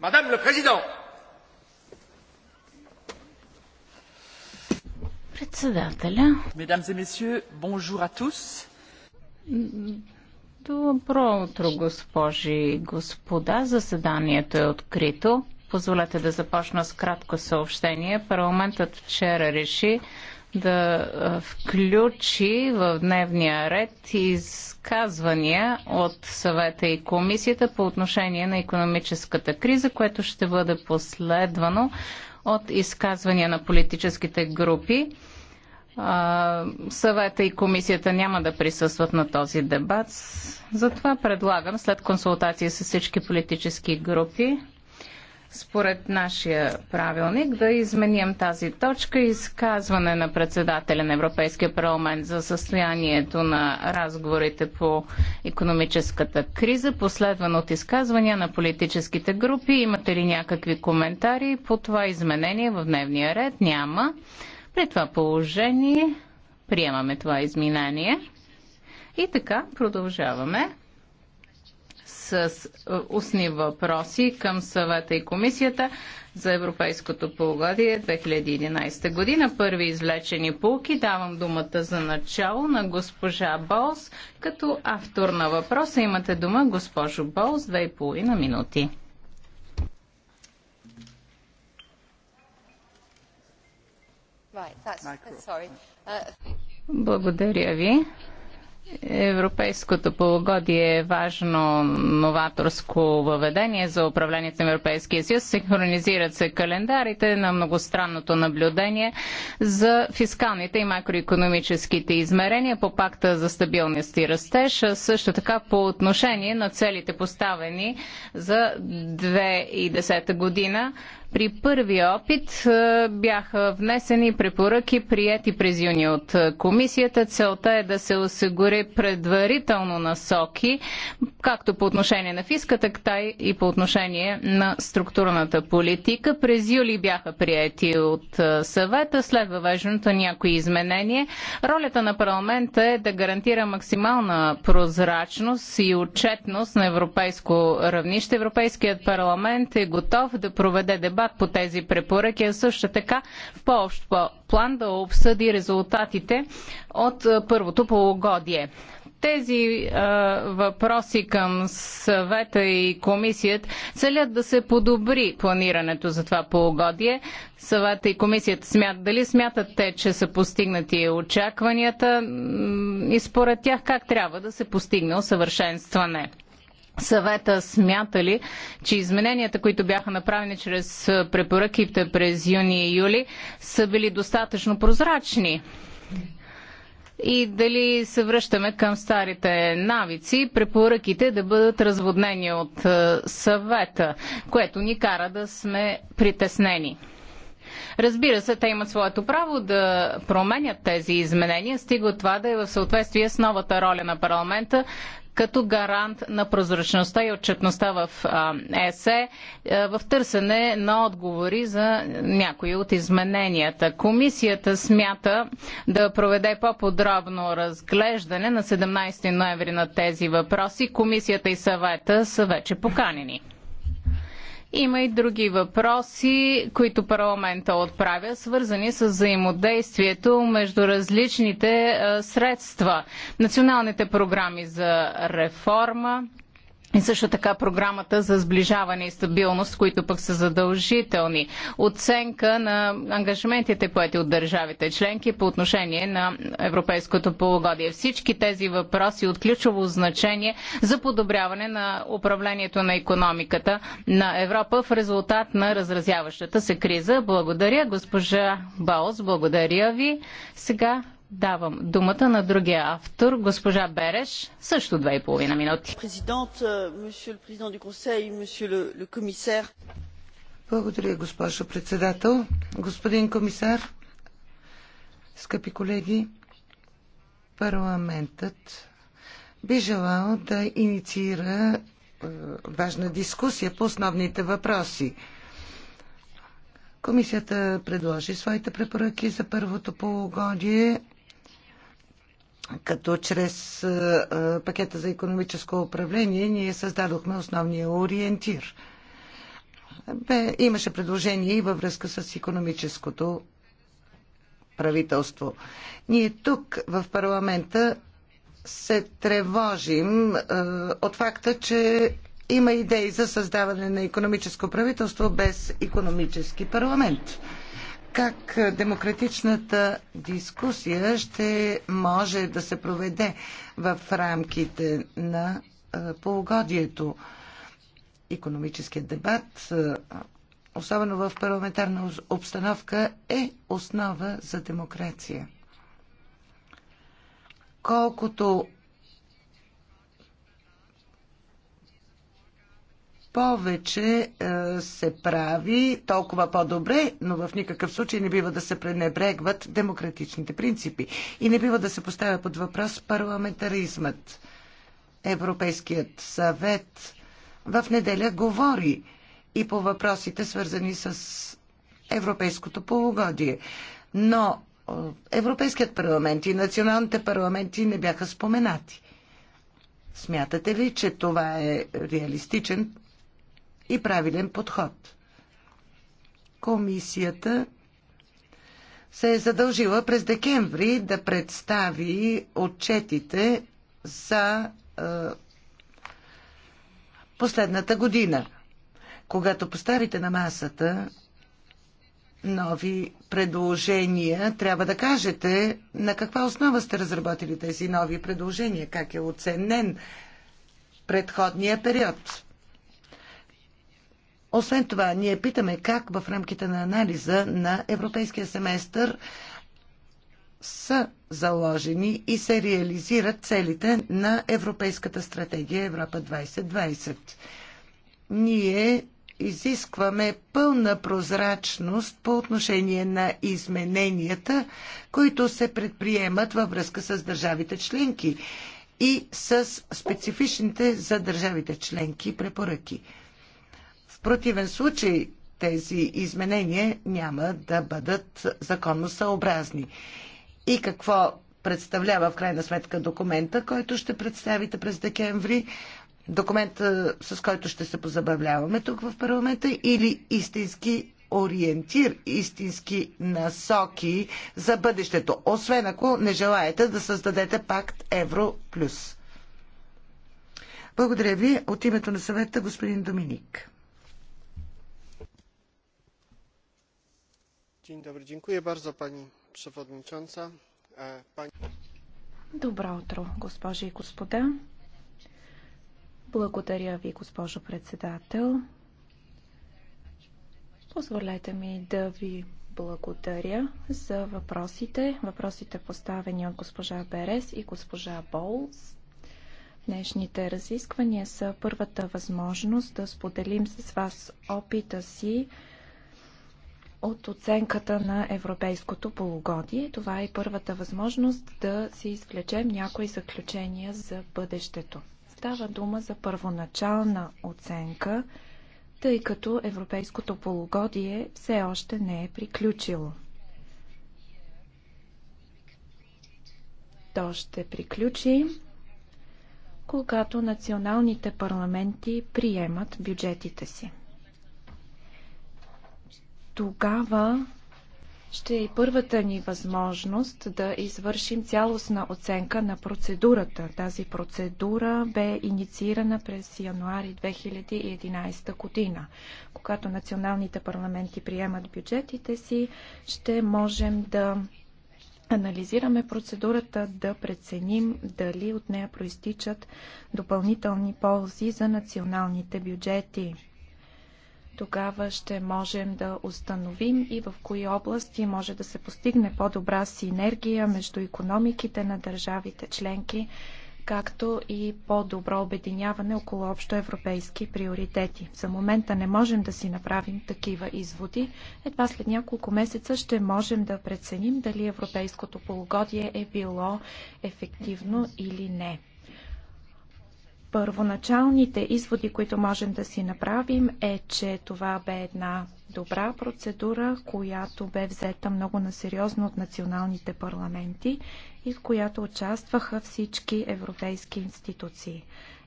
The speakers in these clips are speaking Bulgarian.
Madame le Président. Председателя. Mesdames et messieurs, bonjour à tous. Добро утро, госпожи и господа. Заседанието е открито. Позволете да започна с кратко съобщение. Парламентът вчера реши да включи в дневния ред изказвания от съвета и комисията по отношение на економическата криза, което ще бъде последвано от изказвания на политическите групи. Съвета и комисията няма да присъстват на този дебат. Затова предлагам след консултации с всички политически групи според нашия правилник да изменим тази точка изказване на председателя на Европейския парламент за състоянието на разговорите по економическата криза, последвано от изказвания на политическите групи. Имате ли някакви коментари по това изменение в дневния ред? Няма. При това положение приемаме това изменение. И така продължаваме с е, устни въпроси към съвета и комисията за Европейското полугодие 2011 година. Първи извлечени полки. Давам думата за начало на госпожа Болс, като автор на въпроса. Имате дума, госпожо Болс, 2,5 минути. Right, that's, that's, sorry. Uh... Благодаря ви. Европейското полугодие е важно новаторско въведение за управлението на Европейския съюз. Синхронизират се календарите на многостранното наблюдение за фискалните и макроекономическите измерения по пакта за стабилност и растеж, също така по отношение на целите поставени за 2010 година при първи опит е, бяха внесени препоръки, прияти през юни от е, комисията. Целта е да се осигури предварително насоки, както по отношение на фиска, така и по отношение на структурната политика. През юли бяха прияти от е, съвета, след въвеждането някои изменения. Ролята на парламента е да гарантира максимална прозрачност и отчетност на европейско равнище. Европейският парламент е готов да проведе дебат дебат по тези препоръки, а също така в по-общ план да обсъди резултатите от първото полугодие. Тези а, въпроси към съвета и комисията целят да се подобри планирането за това полугодие. Съвета и комисията смят, дали смятат те, че са постигнати очакванията и според тях как трябва да се постигне усъвършенстване съвета смята ли, че измененията, които бяха направени чрез препоръките през юни и юли, са били достатъчно прозрачни? И дали се връщаме към старите навици, препоръките да бъдат разводнени от съвета, което ни кара да сме притеснени. Разбира се, те имат своето право да променят тези изменения, стига от това да е в съответствие с новата роля на парламента като гарант на прозрачността и отчетността в ЕСЕ в търсене на отговори за някои от измененията. Комисията смята да проведе по-подробно разглеждане на 17 ноември на тези въпроси. Комисията и съвета са вече поканени. Има и други въпроси, които парламента отправя, свързани с взаимодействието между различните средства. Националните програми за реформа, и също така програмата за сближаване и стабилност, които пък са задължителни. Оценка на ангажиментите, поети от държавите членки по отношение на европейското полугодие. Всички тези въпроси от ключово значение за подобряване на управлението на економиката на Европа в резултат на разразяващата се криза. Благодаря, госпожа Баос, благодаря ви. Сега Давам думата на другия автор, госпожа Береш, също две и половина минути. Е, Благодаря, госпожо председател. Господин комисар, скъпи колеги, парламентът би желал да инициира е, важна дискусия по основните въпроси. Комисията предложи своите препоръки за първото полугодие като чрез е, е, пакета за економическо управление ние създадохме основния ориентир. Бе, имаше предложение и във връзка с економическото правителство. Ние тук в парламента се тревожим е, от факта, че има идеи за създаване на економическо правителство без економически парламент как демократичната дискусия ще може да се проведе в рамките на полугодието. Економическият дебат, особено в парламентарна обстановка, е основа за демокрация. Колкото повече е, се прави, толкова по-добре, но в никакъв случай не бива да се пренебрегват демократичните принципи и не бива да се поставя под въпрос парламентаризмът. Европейският съвет в неделя говори и по въпросите, свързани с европейското полугодие. Но е, Европейският парламент и националните парламенти не бяха споменати. Смятате ли, че това е реалистичен и правилен подход. Комисията се е задължила през декември да представи отчетите за е, последната година, когато поставите на масата нови предложения, трябва да кажете на каква основа сте разработили тези нови предложения, как е оценен предходния период. Освен това, ние питаме как в рамките на анализа на европейския семестър са заложени и се реализират целите на Европейската стратегия Европа 2020. Ние изискваме пълна прозрачност по отношение на измененията, които се предприемат във връзка с държавите членки и с специфичните за държавите членки препоръки. В противен случай тези изменения няма да бъдат законно съобразни. И какво представлява в крайна сметка документа, който ще представите през декември? Документ, с който ще се позабавляваме тук в парламента или истински ориентир, истински насоки за бъдещето, освен ако не желаете да създадете пакт Евро Плюс. Благодаря ви. От името на съвета господин Доминик. E, Добро утро, госпожи и господа. Благодаря ви, госпожо председател. Позволете ми да ви благодаря за въпросите, въпросите поставени от госпожа Берес и госпожа Болс. Днешните разисквания са първата възможност да споделим с вас опита си от оценката на европейското полугодие. Това е първата възможност да си извлечем някои заключения за бъдещето. Става дума за първоначална оценка, тъй като европейското полугодие все още не е приключило. То ще приключи, когато националните парламенти приемат бюджетите си. Тогава ще е и първата ни възможност да извършим цялостна оценка на процедурата. Тази процедура бе инициирана през януари 2011 година. Когато националните парламенти приемат бюджетите си, ще можем да анализираме процедурата, да преценим дали от нея проистичат допълнителни ползи за националните бюджети. Тогава ще можем да установим и в кои области може да се постигне по-добра синергия между економиките на държавите членки, както и по-добро обединяване около общо европейски приоритети. За момента не можем да си направим такива изводи. Едва след няколко месеца ще можем да преценим дали европейското полугодие е било ефективно или не. Първоначалните изводи, които можем да си направим е, че това бе една добра процедура, която бе взета много насериозно от националните парламенти и в която участваха всички европейски институции.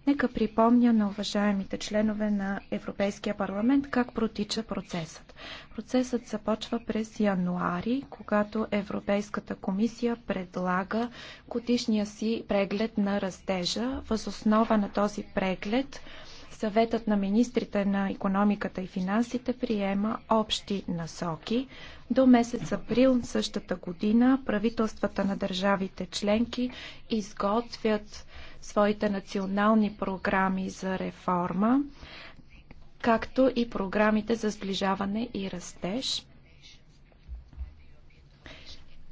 Нека припомня на уважаемите членове на Европейския парламент как протича процесът. Процесът започва през януари, когато Европейската комисия предлага годишния си преглед на растежа. Възоснова на този преглед Съветът на министрите на економиката и финансите приема общи насоки. До месец април същата година правителствата на държавите членки изготвят своите национални програми за реформа, както и програмите за сближаване и растеж.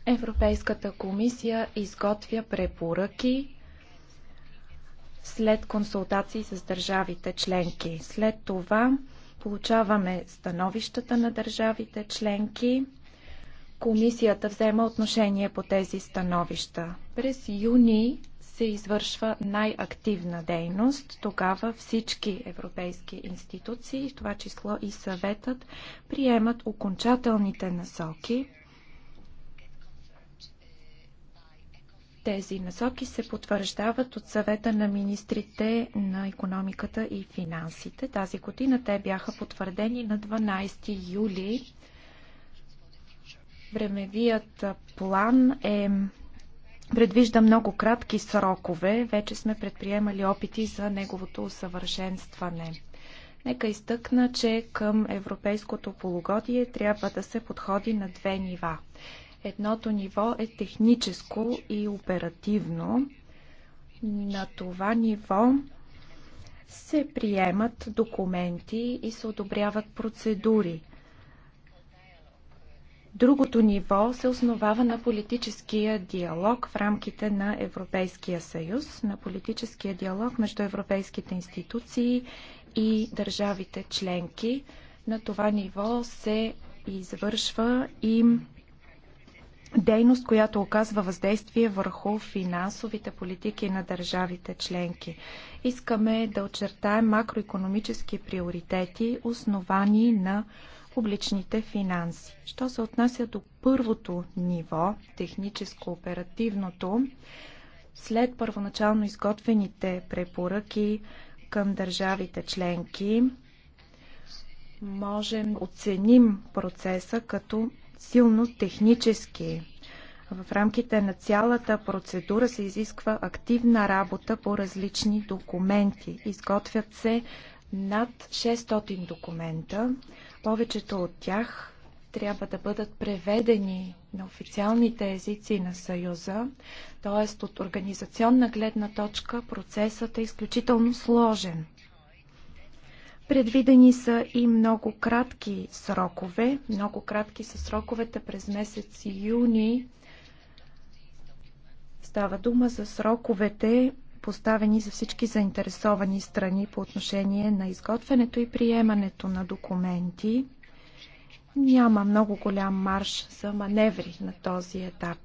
Европейската комисия изготвя препоръки след консултации с държавите членки. След това получаваме становищата на държавите членки. Комисията взема отношение по тези становища. През юни се извършва най-активна дейност, тогава всички европейски институции, в това число и съветът, приемат окончателните насоки. Тези насоки се потвърждават от съвета на министрите на економиката и финансите. Тази година те бяха потвърдени на 12 юли. Времевият план е предвижда много кратки срокове. Вече сме предприемали опити за неговото усъвършенстване. Нека изтъкна, че към европейското полугодие трябва да се подходи на две нива. Едното ниво е техническо и оперативно. На това ниво се приемат документи и се одобряват процедури. Другото ниво се основава на политическия диалог в рамките на Европейския съюз, на политическия диалог между европейските институции и държавите членки. На това ниво се извършва и дейност, която оказва въздействие върху финансовите политики на държавите членки. Искаме да очертаем макроекономически приоритети, основани на публичните финанси. Що се отнася до първото ниво, техническо-оперативното, след първоначално изготвените препоръки към държавите членки, можем оценим процеса като силно технически. В рамките на цялата процедура се изисква активна работа по различни документи. Изготвят се над 600 документа. Повечето от тях трябва да бъдат преведени на официалните езици на Съюза, т.е. от организационна гледна точка процесът е изключително сложен. Предвидени са и много кратки срокове. Много кратки са сроковете през месец юни. Става дума за сроковете поставени за всички заинтересовани страни по отношение на изготвянето и приемането на документи. Няма много голям марш за маневри на този етап.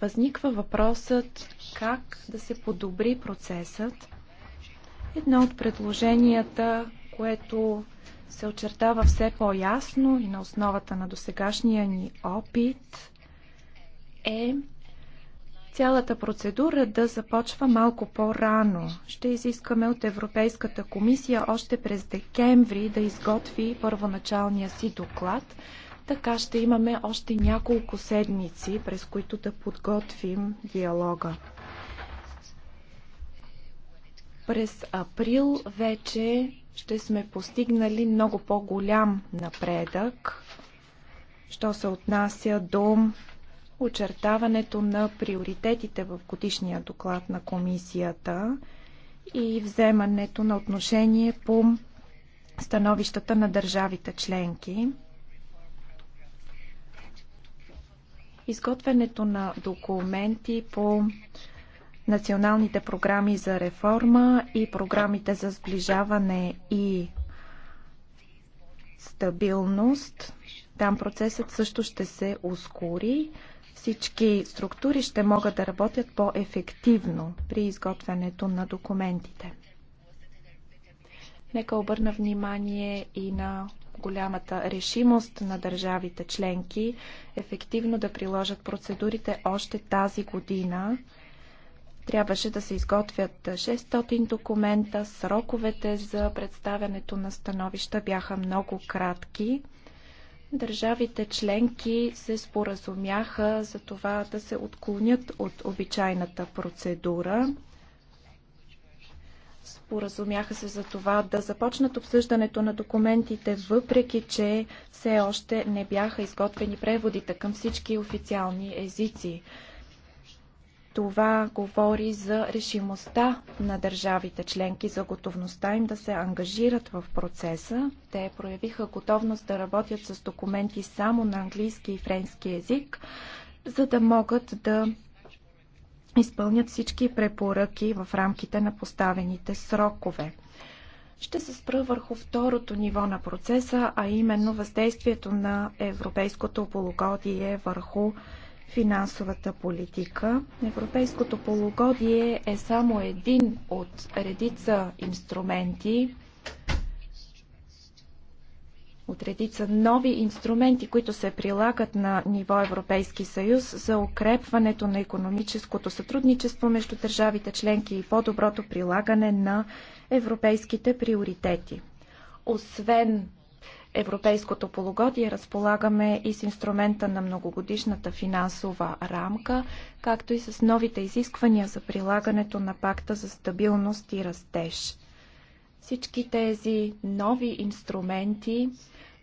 Възниква въпросът как да се подобри процесът. Едно от предложенията, което се очертава все по-ясно и на основата на досегашния ни опит е цялата процедура да започва малко по-рано. Ще изискаме от Европейската комисия още през декември да изготви първоначалния си доклад. Така ще имаме още няколко седмици, през които да подготвим диалога. През април вече ще сме постигнали много по-голям напредък, що се отнася до очертаването на приоритетите в годишния доклад на комисията и вземането на отношение по становищата на държавите членки. Изготвянето на документи по националните програми за реформа и програмите за сближаване и стабилност. Там процесът също ще се ускори. Всички структури ще могат да работят по-ефективно при изготвянето на документите. Нека обърна внимание и на голямата решимост на държавите членки ефективно да приложат процедурите още тази година. Трябваше да се изготвят 600 документа, сроковете за представянето на становища бяха много кратки. Държавите членки се споразумяха за това да се отклонят от обичайната процедура. Споразумяха се за това да започнат обсъждането на документите, въпреки че все още не бяха изготвени преводите към всички официални езици. Това говори за решимостта на държавите членки, за готовността им да се ангажират в процеса. Те проявиха готовност да работят с документи само на английски и френски язик, за да могат да изпълнят всички препоръки в рамките на поставените срокове. Ще се спра върху второто ниво на процеса, а именно въздействието на европейското полугодие върху финансовата политика. Европейското полугодие е само един от редица инструменти, от редица нови инструменти, които се прилагат на ниво Европейски съюз за укрепването на економическото сътрудничество между държавите членки и по-доброто прилагане на европейските приоритети. Освен европейското полугодие разполагаме и с инструмента на многогодишната финансова рамка, както и с новите изисквания за прилагането на пакта за стабилност и растеж. Всички тези нови инструменти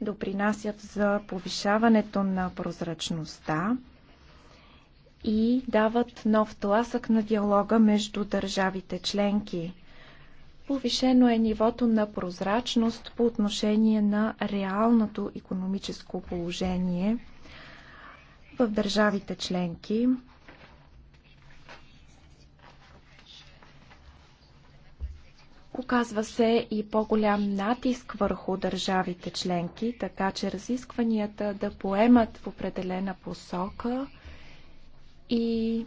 допринасят за повишаването на прозрачността и дават нов тласък на диалога между държавите членки. Повишено е нивото на прозрачност по отношение на реалното економическо положение в държавите членки. Оказва се и по-голям натиск върху държавите членки, така че разискванията да поемат в определена посока и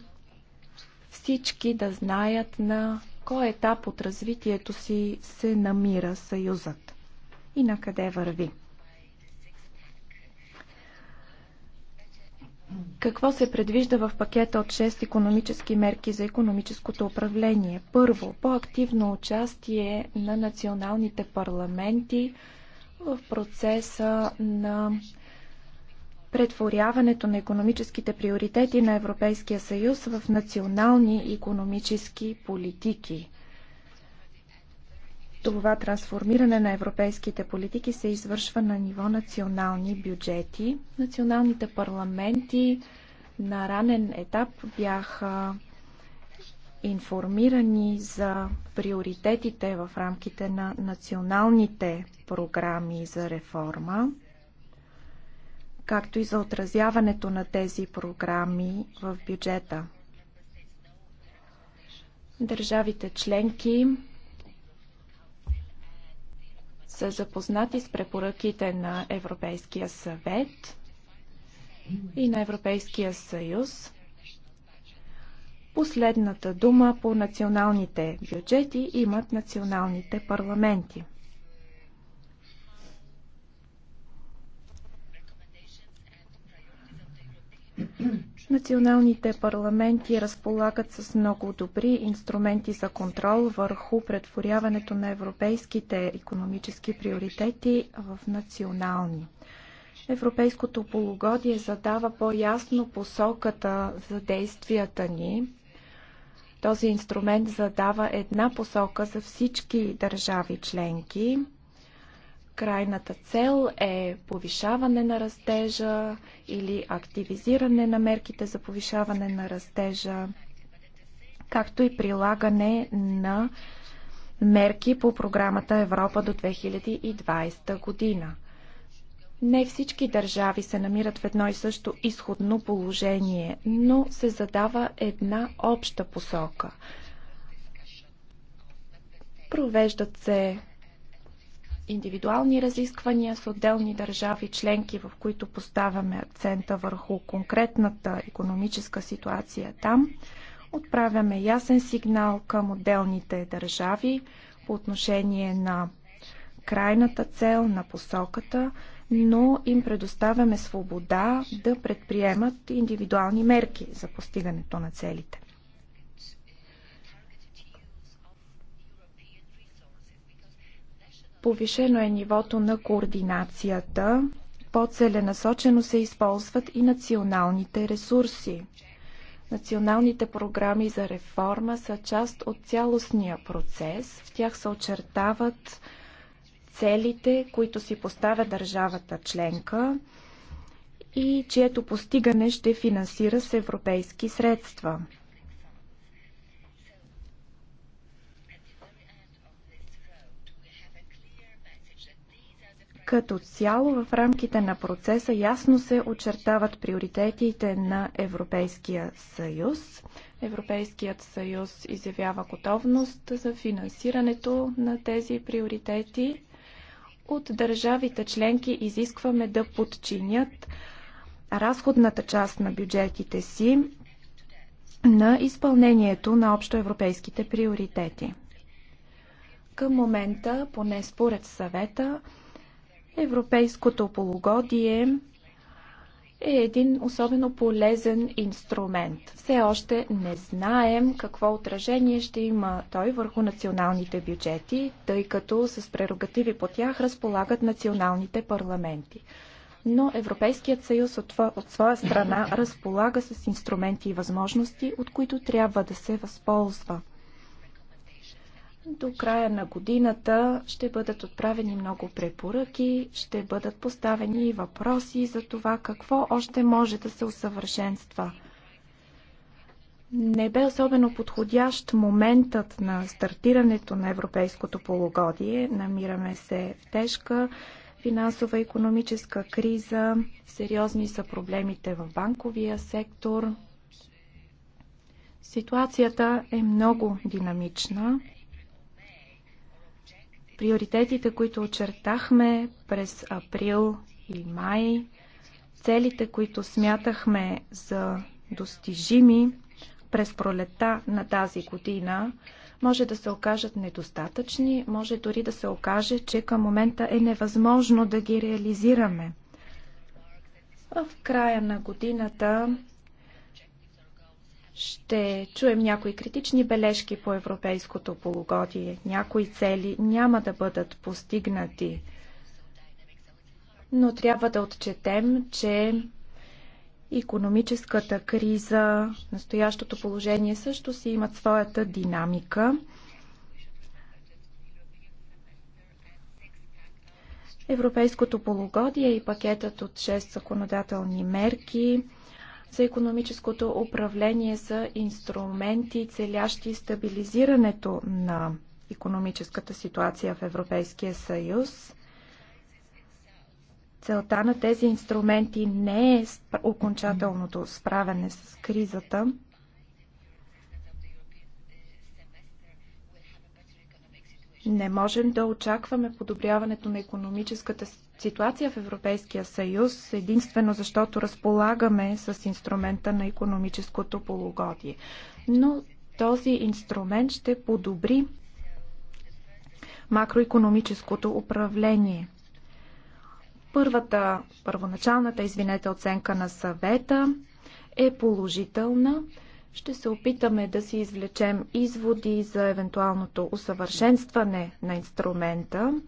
всички да знаят на кой етап от развитието си се намира Съюзът и на къде върви. Какво се предвижда в пакета от 6 економически мерки за економическото управление? Първо, по-активно участие на националните парламенти в процеса на претворяването на економическите приоритети на Европейския съюз в национални економически политики. Това трансформиране на европейските политики се извършва на ниво национални бюджети. Националните парламенти на ранен етап бяха информирани за приоритетите в рамките на националните програми за реформа както и за отразяването на тези програми в бюджета. Държавите членки са запознати с препоръките на Европейския съвет и на Европейския съюз. Последната дума по националните бюджети имат националните парламенти. Националните парламенти разполагат с много добри инструменти за контрол върху претворяването на европейските економически приоритети в национални. Европейското полугодие задава по-ясно посоката за действията ни. Този инструмент задава една посока за всички държави членки. Крайната цел е повишаване на растежа или активизиране на мерките за повишаване на растежа, както и прилагане на мерки по програмата Европа до 2020 година. Не всички държави се намират в едно и също изходно положение, но се задава една обща посока. Провеждат се индивидуални разисквания с отделни държави членки, в които поставяме акцента върху конкретната економическа ситуация там, отправяме ясен сигнал към отделните държави по отношение на крайната цел, на посоката, но им предоставяме свобода да предприемат индивидуални мерки за постигането на целите. Повишено е нивото на координацията. По-целенасочено се използват и националните ресурси. Националните програми за реформа са част от цялостния процес. В тях се очертават целите, които си поставя държавата членка и чието постигане ще финансира с европейски средства. Като цяло в рамките на процеса ясно се очертават приоритетите на Европейския съюз. Европейският съюз изявява готовност за финансирането на тези приоритети. От държавите членки изискваме да подчинят разходната част на бюджетите си на изпълнението на общоевропейските приоритети. Към момента, поне според съвета, Европейското полугодие е един особено полезен инструмент. Все още не знаем какво отражение ще има той върху националните бюджети, тъй като с прерогативи по тях разполагат националните парламенти. Но Европейският съюз от, това, от своя страна разполага с инструменти и възможности, от които трябва да се възползва. До края на годината ще бъдат отправени много препоръки, ще бъдат поставени и въпроси за това какво още може да се усъвършенства. Не бе особено подходящ моментът на стартирането на европейското полугодие. Намираме се в тежка финансова и економическа криза, сериозни са проблемите в банковия сектор. Ситуацията е много динамична приоритетите, които очертахме през април и май, целите, които смятахме за достижими през пролета на тази година, може да се окажат недостатъчни, може дори да се окаже, че към момента е невъзможно да ги реализираме. В края на годината ще чуем някои критични бележки по европейското полугодие. Някои цели няма да бъдат постигнати. Но трябва да отчетем, че економическата криза, настоящото положение също си имат своята динамика. Европейското полугодие и пакетът от 6 законодателни мерки – за економическото управление са инструменти, целящи стабилизирането на економическата ситуация в Европейския съюз. Целта на тези инструменти не е окончателното справяне с кризата, Не можем да очакваме подобряването на економическата ситуация в Европейския съюз единствено защото разполагаме с инструмента на економическото полугодие. Но този инструмент ще подобри макроекономическото управление. Първата, първоначалната, извинете, оценка на съвета е положителна. Ще се опитаме да си извлечем изводи за евентуалното усъвършенстване на инструмента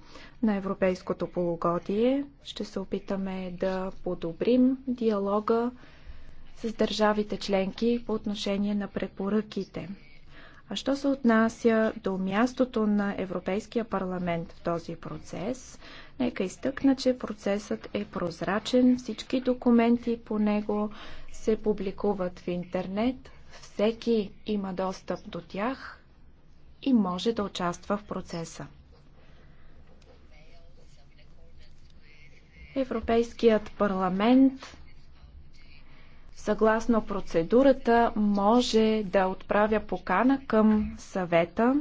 на европейското полугодие. Ще се опитаме да подобрим диалога с държавите членки по отношение на препоръките. А що се отнася до мястото на Европейския парламент в този процес, нека изтъкна, че процесът е прозрачен, всички документи по него се публикуват в интернет, всеки има достъп до тях и може да участва в процеса. Европейският парламент съгласно процедурата може да отправя покана към съвета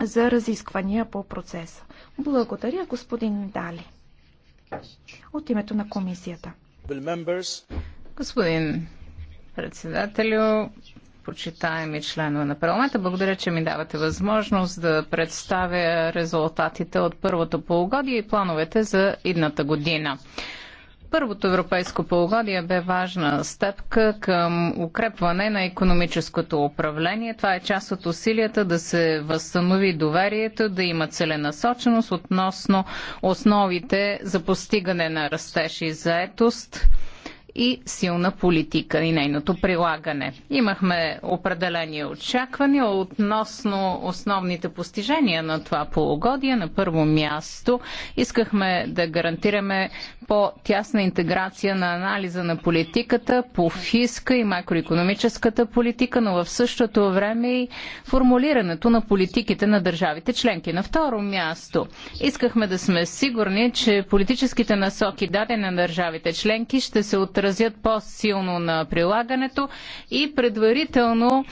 за разисквания по процеса. Благодаря, господин Дали. От името на комисията. Господин председателю, почитаеми членове на парламента. Благодаря, че ми давате възможност да представя резултатите от първото полугодие и плановете за идната година. Първото европейско полугодие бе важна стъпка към укрепване на економическото управление. Това е част от усилията да се възстанови доверието, да има целенасоченост относно основите за постигане на растеж и заетост – и силна политика и нейното прилагане. Имахме определени очаквания относно основните постижения на това полугодие. На първо място искахме да гарантираме по-тясна интеграция на анализа на политиката по фиска и макроекономическата политика, но в същото време и формулирането на политиките на държавите членки. На второ място искахме да сме сигурни, че политическите насоки дадени на държавите членки ще се отразят отразят по-силно на прилагането и предварително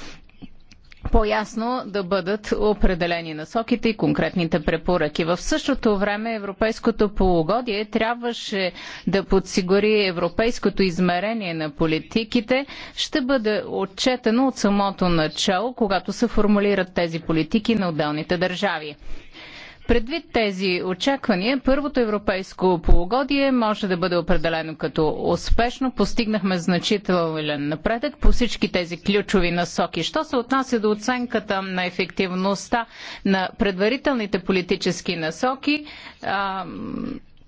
по-ясно да бъдат определени насоките и конкретните препоръки. В същото време европейското полугодие трябваше да подсигури европейското измерение на политиките, ще бъде отчетено от самото начало, когато се формулират тези политики на отделните държави. Предвид тези очаквания, първото европейско полугодие може да бъде определено като успешно. Постигнахме значителен напредък по всички тези ключови насоки. Що се отнася до оценката на ефективността на предварителните политически насоки, а,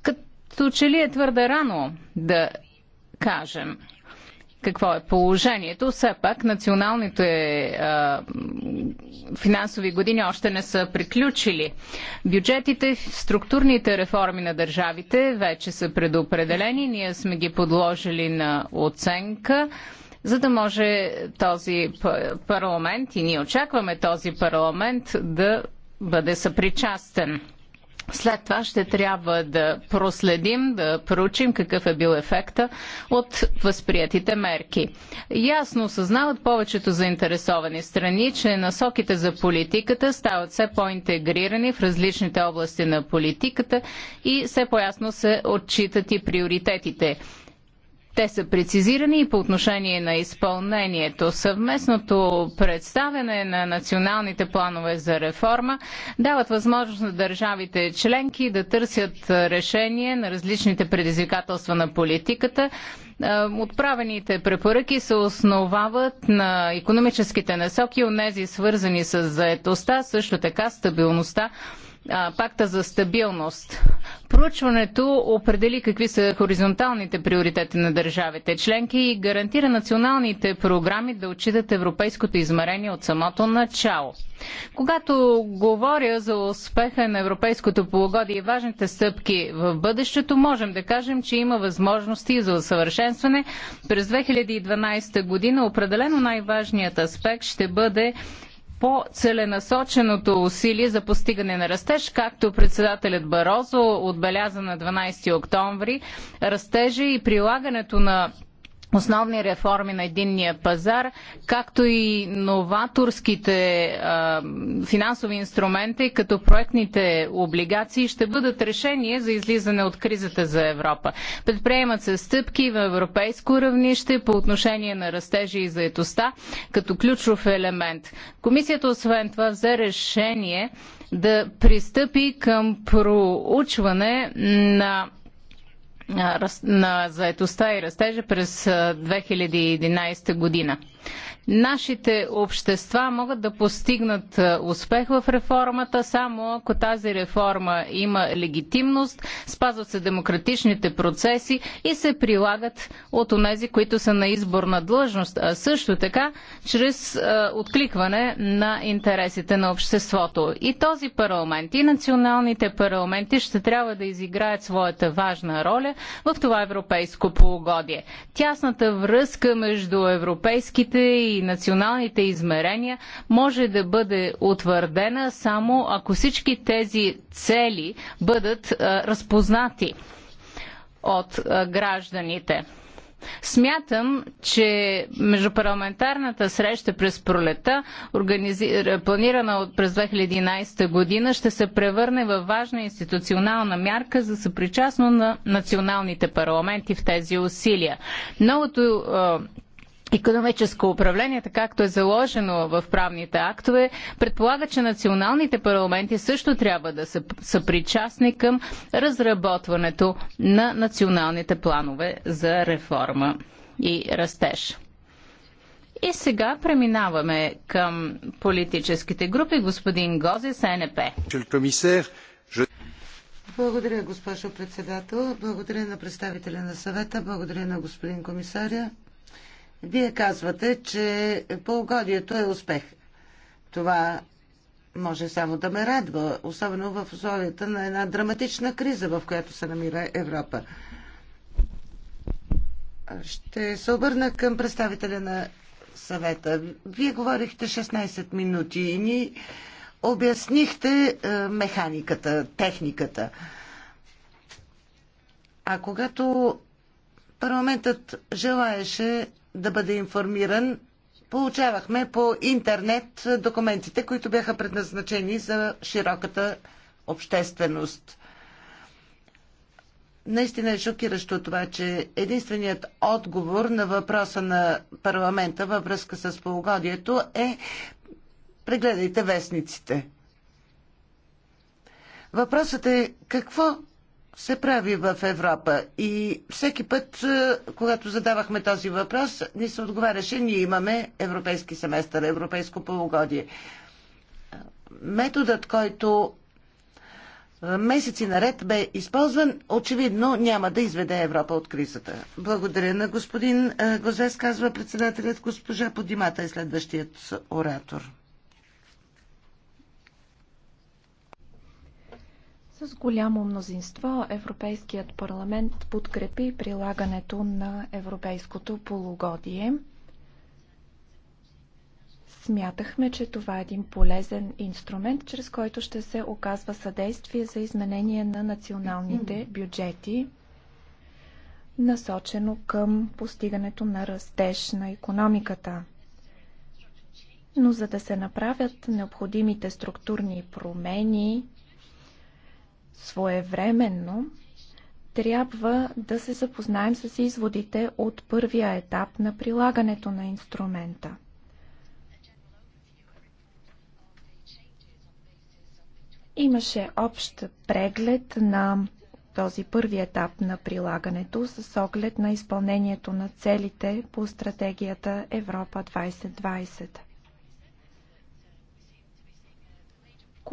като че ли е твърде рано да кажем какво е положението. Все пак националните е, финансови години още не са приключили. Бюджетите, структурните реформи на държавите вече са предопределени. Ние сме ги подложили на оценка за да може този парламент и ние очакваме този парламент да бъде съпричастен. След това ще трябва да проследим, да проучим какъв е бил ефекта от възприятите мерки. Ясно осъзнават повечето заинтересовани страни, че насоките за политиката стават все по-интегрирани в различните области на политиката и все по-ясно се отчитат и приоритетите те са прецизирани и по отношение на изпълнението. Съвместното представяне на националните планове за реформа дават възможност на държавите членки да търсят решение на различните предизвикателства на политиката. Е, отправените препоръки се основават на економическите насоки, онези свързани с заетостта, също така стабилността пакта за стабилност. Проучването определи какви са хоризонталните приоритети на държавите членки и гарантира националните програми да отчитат европейското измерение от самото начало. Когато говоря за успеха на европейското полугодие и важните стъпки в бъдещето, можем да кажем, че има възможности за усъвършенстване. През 2012 година определено най-важният аспект ще бъде по-целенасоченото усилие за постигане на растеж, както председателят Барозо отбеляза на 12 октомври. Растежа и прилагането на основни реформи на единния пазар, както и новаторските а, финансови инструменти, като проектните облигации, ще бъдат решение за излизане от кризата за Европа. Предприемат се стъпки в европейско равнище по отношение на растежи и заетостта, като ключов елемент. Комисията освен това взе решение да пристъпи към проучване на на заетостта и растежа през 2011 година. Нашите общества могат да постигнат е, успех в реформата само ако тази реформа има легитимност, спазват се демократичните процеси и се прилагат от онези, които са на изборна длъжност, а също така чрез е, откликване на интересите на обществото. И този парламент, и националните парламенти ще трябва да изиграят своята важна роля в това европейско полугодие. Тясната връзка между европейските политическите и националните измерения може да бъде утвърдена само ако всички тези цели бъдат разпознати от гражданите. Смятам, че междупарламентарната среща през пролета, планирана през 2011 година, ще се превърне във важна институционална мярка за съпричастно на националните парламенти в тези усилия. Новото економическо управление, така както е заложено в правните актове, предполага, че националните парламенти също трябва да са, са причастни към разработването на националните планове за реформа и растеж. И сега преминаваме към политическите групи. Господин Гози, СНП. Благодаря, госпожо председател. Благодаря на представителя на съвета. Благодаря на господин комисаря. Вие казвате, че полугодието е успех. Това може само да ме радва, особено в условията на една драматична криза, в която се намира Европа. Ще се обърна към представителя на съвета. Вие говорихте 16 минути и ни обяснихте е, механиката, техниката. А когато Парламентът желаеше да бъде информиран. Получавахме по интернет документите, които бяха предназначени за широката общественост. Наистина е шокиращо това, че единственият отговор на въпроса на парламента във връзка с полугодието е прегледайте вестниците. Въпросът е какво се прави в Европа. И всеки път, е, когато задавахме този въпрос, ни се отговаряше, ние имаме европейски семестър, европейско полугодие. Методът, който е, месеци наред бе използван, очевидно няма да изведе Европа от кризата. Благодаря на господин е, Гозес, казва председателят. Госпожа Подимата и следващият оратор. С голямо мнозинство Европейският парламент подкрепи прилагането на европейското полугодие. Смятахме, че това е един полезен инструмент, чрез който ще се оказва съдействие за изменение на националните бюджети, насочено към постигането на растеж на економиката. Но за да се направят необходимите структурни промени, своевременно, трябва да се запознаем с изводите от първия етап на прилагането на инструмента. Имаше общ преглед на този първи етап на прилагането с оглед на изпълнението на целите по стратегията Европа 2020.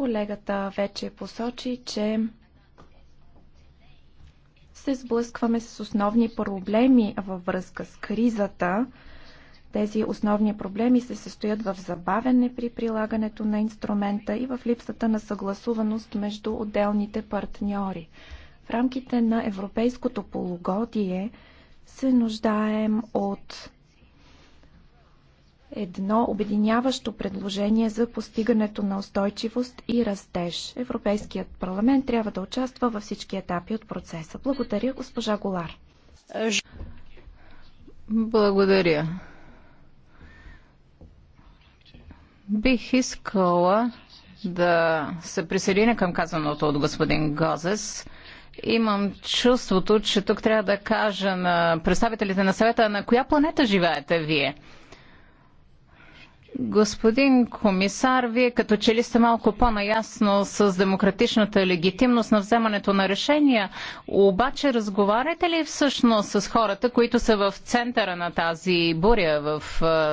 Колегата вече посочи, че се сблъскваме с основни проблеми във връзка с кризата. Тези основни проблеми се състоят в забавене при прилагането на инструмента и в липсата на съгласуваност между отделните партньори. В рамките на европейското полугодие се нуждаем от едно обединяващо предложение за постигането на устойчивост и растеж. Европейският парламент трябва да участва във всички етапи от процеса. Благодаря, госпожа Голар. Благодаря. Бих искала да се присъединя към казаното от господин Гозес. Имам чувството, че тук трябва да кажа на представителите на съвета на коя планета живеете вие. Господин комисар, вие като че ли сте малко по-наясно с демократичната легитимност на вземането на решения, обаче разговаряте ли всъщност с хората, които са в центъра на тази буря, в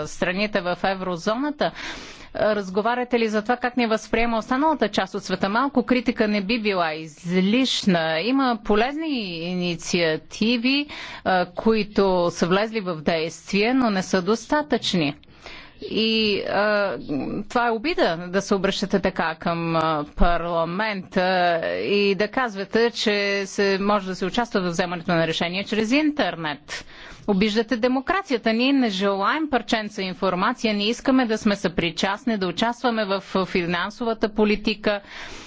страните в еврозоната? разговаряте ли за това как ни възприема останалата част от света? Малко критика не би била излишна. Има полезни инициативи, които са влезли в действие, но не са достатъчни. И а, това е обида да се обръщате така към парламента и да казвате, че се, може да се участва в вземането на решения чрез интернет обиждате демокрацията. Ние не желаем парченца информация, не искаме да сме съпричастни, да участваме в финансовата политика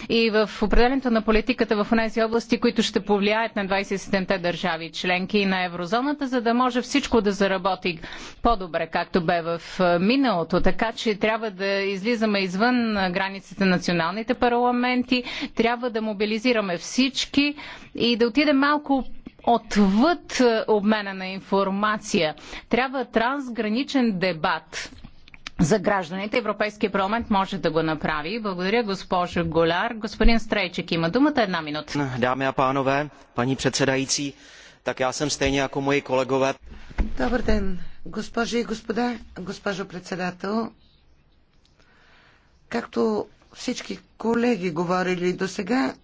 и в определенето на политиката в тези области, които ще повлияят на 27-те държави членки и на еврозоната, за да може всичко да заработи по-добре, както бе в е, миналото. Така че трябва да излизаме извън границите на националните парламенти, трябва да мобилизираме всички и да отидем малко отвъд е, обмена на информация. Трябва трансграничен дебат за гражданите. Европейския парламент може да го направи. Благодаря, госпожо Голяр. Господин Стрейчик има думата една минута. Дами и панове, пани председající, так я съм стейня, ако мои колегове. Добър ден, госпожи и господа, госпожо председател. Както всички колеги говорили до сега,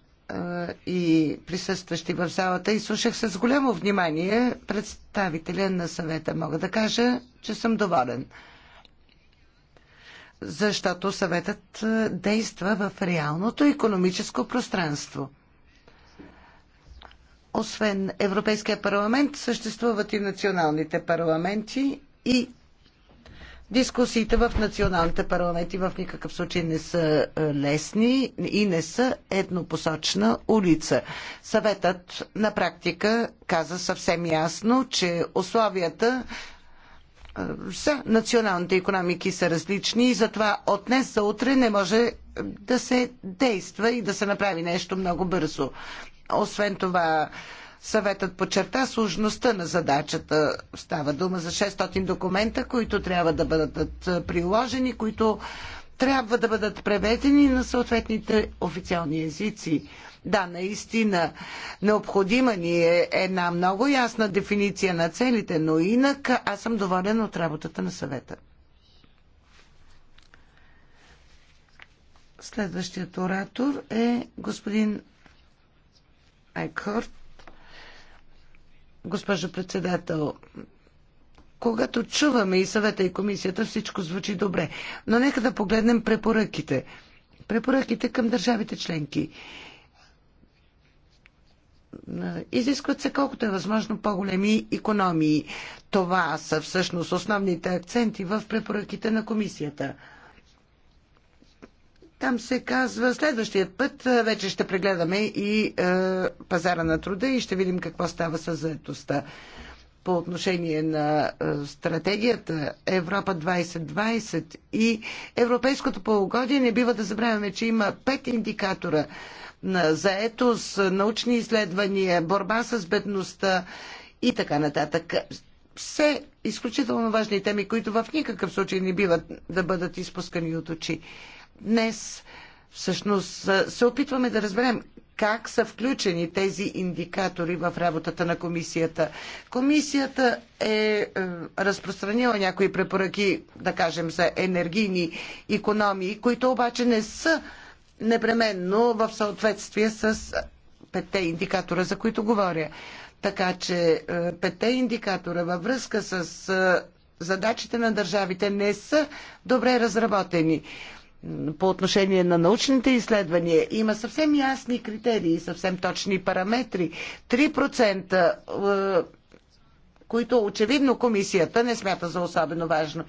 и присъстващи в залата. И слушах с голямо внимание представителя на съвета. Мога да кажа, че съм доволен. Защото съветът действа в реалното економическо пространство. Освен Европейския парламент, съществуват и националните парламенти и Дискусиите в националните парламенти в никакъв случай не са е, лесни и не са еднопосочна улица. Съветът на практика каза съвсем ясно, че условията за е, националните економики са различни и затова от днес за утре не може да се действа и да се направи нещо много бързо. Освен това, Съветът подчерта сложността на задачата. Става дума за 600 документа, които трябва да бъдат приложени, които трябва да бъдат преведени на съответните официални езици. Да, наистина, необходима ни е една много ясна дефиниция на целите, но инак аз съм доволен от работата на съвета. Следващият оратор е господин Айкхорт. Госпожо председател, когато чуваме и съвета и комисията, всичко звучи добре. Но нека да погледнем препоръките. Препоръките към държавите членки. Изискват се колкото е възможно по-големи економии. Това са всъщност основните акценти в препоръките на комисията – там се казва, следващия път вече ще прегледаме и е, пазара на труда и ще видим какво става с заедостта. По отношение на е, стратегията Европа 2020 и Европейското полугодие не бива да забравяме, че има пет индикатора на заетост, научни изследвания, борба с бедността и така нататък все изключително важни теми, които в никакъв случай не биват да бъдат изпускани от очи днес всъщност се опитваме да разберем как са включени тези индикатори в работата на комисията. Комисията е, е разпространила някои препоръки, да кажем, за енергийни економии, които обаче не са непременно в съответствие с петте индикатора, за които говоря. Така че е, петте индикатора във връзка с е, задачите на държавите не са добре разработени по отношение на научните изследвания има съвсем ясни критерии, съвсем точни параметри. 3% е, които очевидно комисията не смята за особено важно.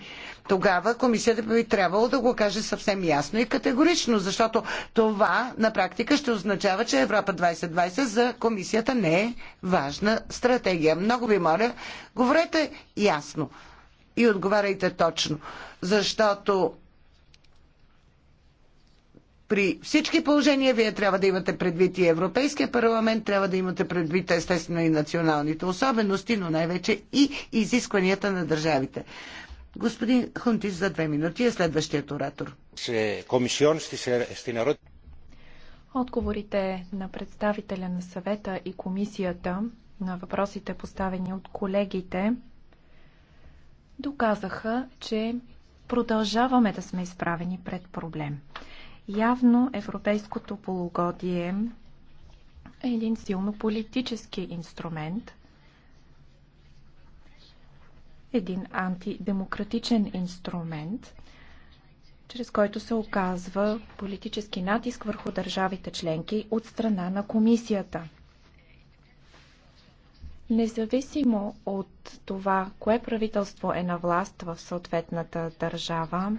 Тогава комисията би трябвало да го каже съвсем ясно и категорично, защото това на практика ще означава, че Европа 2020 за комисията не е важна стратегия. Много ви моля, говорете ясно и отговаряйте точно, защото при всички положения вие трябва да имате предвид и Европейския парламент, трябва да имате предвид естествено и националните особености, но най-вече и изискванията на държавите. Господин Хунтис за две минути е следващият оратор. Отговорите на представителя на съвета и комисията на въпросите поставени от колегите доказаха, че продължаваме да сме изправени пред проблем. Явно европейското полугодие е един силно политически инструмент, един антидемократичен инструмент, чрез който се оказва политически натиск върху държавите членки от страна на комисията. Независимо от това, кое правителство е на власт в съответната държава,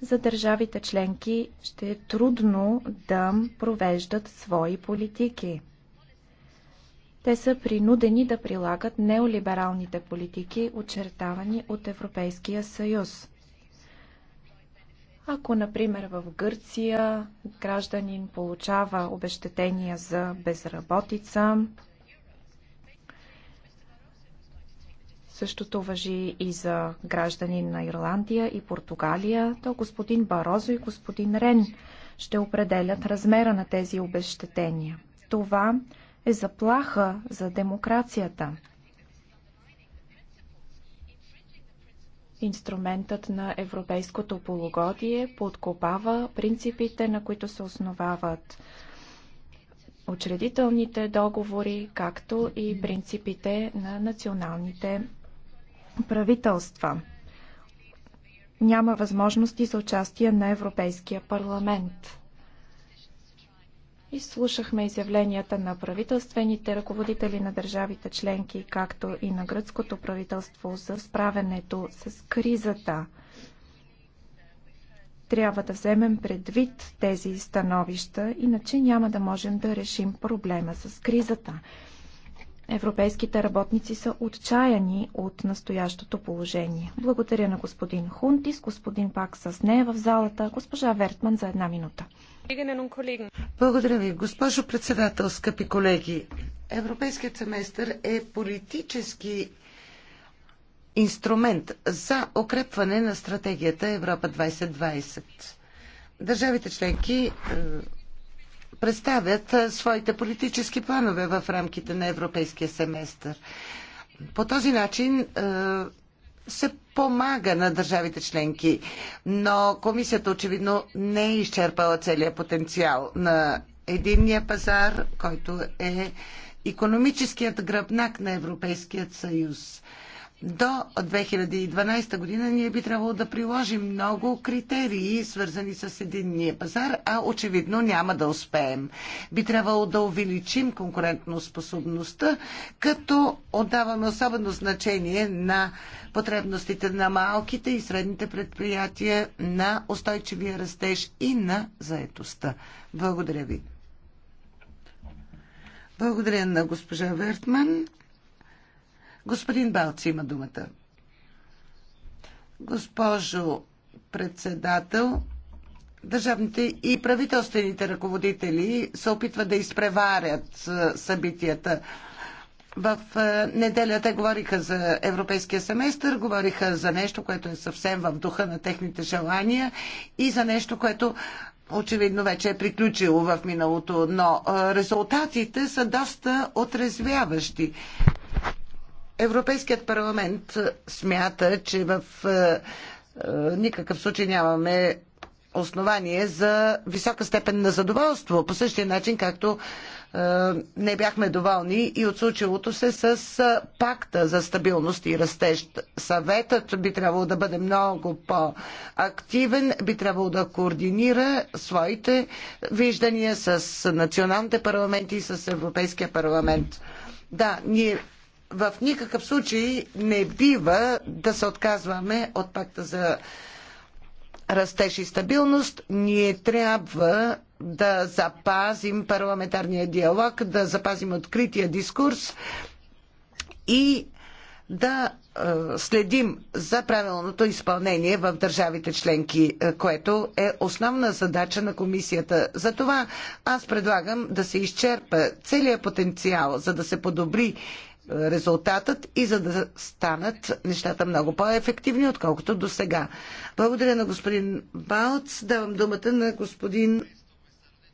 за държавите членки ще е трудно да провеждат свои политики. Те са принудени да прилагат неолибералните политики, очертавани от Европейския съюз. Ако, например, в Гърция гражданин получава обещетения за безработица, Същото въжи и за граждани на Ирландия и Португалия, то господин Барозо и господин Рен ще определят размера на тези обещетения. Това е заплаха за демокрацията. Инструментът на европейското полугодие подкопава принципите, на които се основават учредителните договори, както и принципите на националните правителства. Няма възможности за участие на Европейския парламент. Изслушахме изявленията на правителствените ръководители на държавите членки, както и на гръцкото правителство за справенето с кризата. Трябва да вземем предвид тези становища, иначе няма да можем да решим проблема с кризата. Европейските работници са отчаяни от настоящото положение. Благодаря на господин Хунтис, господин пак с нея е в залата, госпожа Вертман за една минута. Благодаря ви, госпожо председател, скъпи колеги. Европейският семестър е политически инструмент за укрепване на стратегията Европа 2020. Държавите членки представят своите политически планове в рамките на европейския семестър. По този начин се помага на държавите членки, но комисията очевидно не е изчерпала целият потенциал на единния пазар, който е економическият гръбнак на Европейският съюз до 2012 година ние би трябвало да приложим много критерии, свързани с единния пазар, а очевидно няма да успеем. Би трябвало да увеличим конкурентноспособността, като отдаваме особено значение на потребностите на малките и средните предприятия, на устойчивия растеж и на заетостта. Благодаря ви. Благодаря на госпожа Вертман. Господин Балци, има думата. Госпожо председател, държавните и правителствените ръководители се опитват да изпреварят събитията. В неделя те говориха за европейския семестър, говориха за нещо, което е съвсем в духа на техните желания и за нещо, което очевидно вече е приключило в миналото, но резултатите са доста отрезвяващи. Европейският парламент смята, че в е, е, никакъв случай нямаме основание за висока степен на задоволство, по същия начин както е, не бяхме доволни и от случилото се с е, пакта за стабилност и растеж. Съветът би трябвало да бъде много по-активен, би трябвало да координира своите виждания с националните парламенти и с Европейския парламент. Да, ние в никакъв случай не бива да се отказваме от пакта за растеж и стабилност. Ние трябва да запазим парламентарния диалог, да запазим открития дискурс и да е, следим за правилното изпълнение в държавите членки, е, което е основна задача на комисията. Затова аз предлагам да се изчерпа целият потенциал, за да се подобри резултатът и за да станат нещата много по-ефективни, отколкото до сега. Благодаря на господин Балц. Давам думата на господин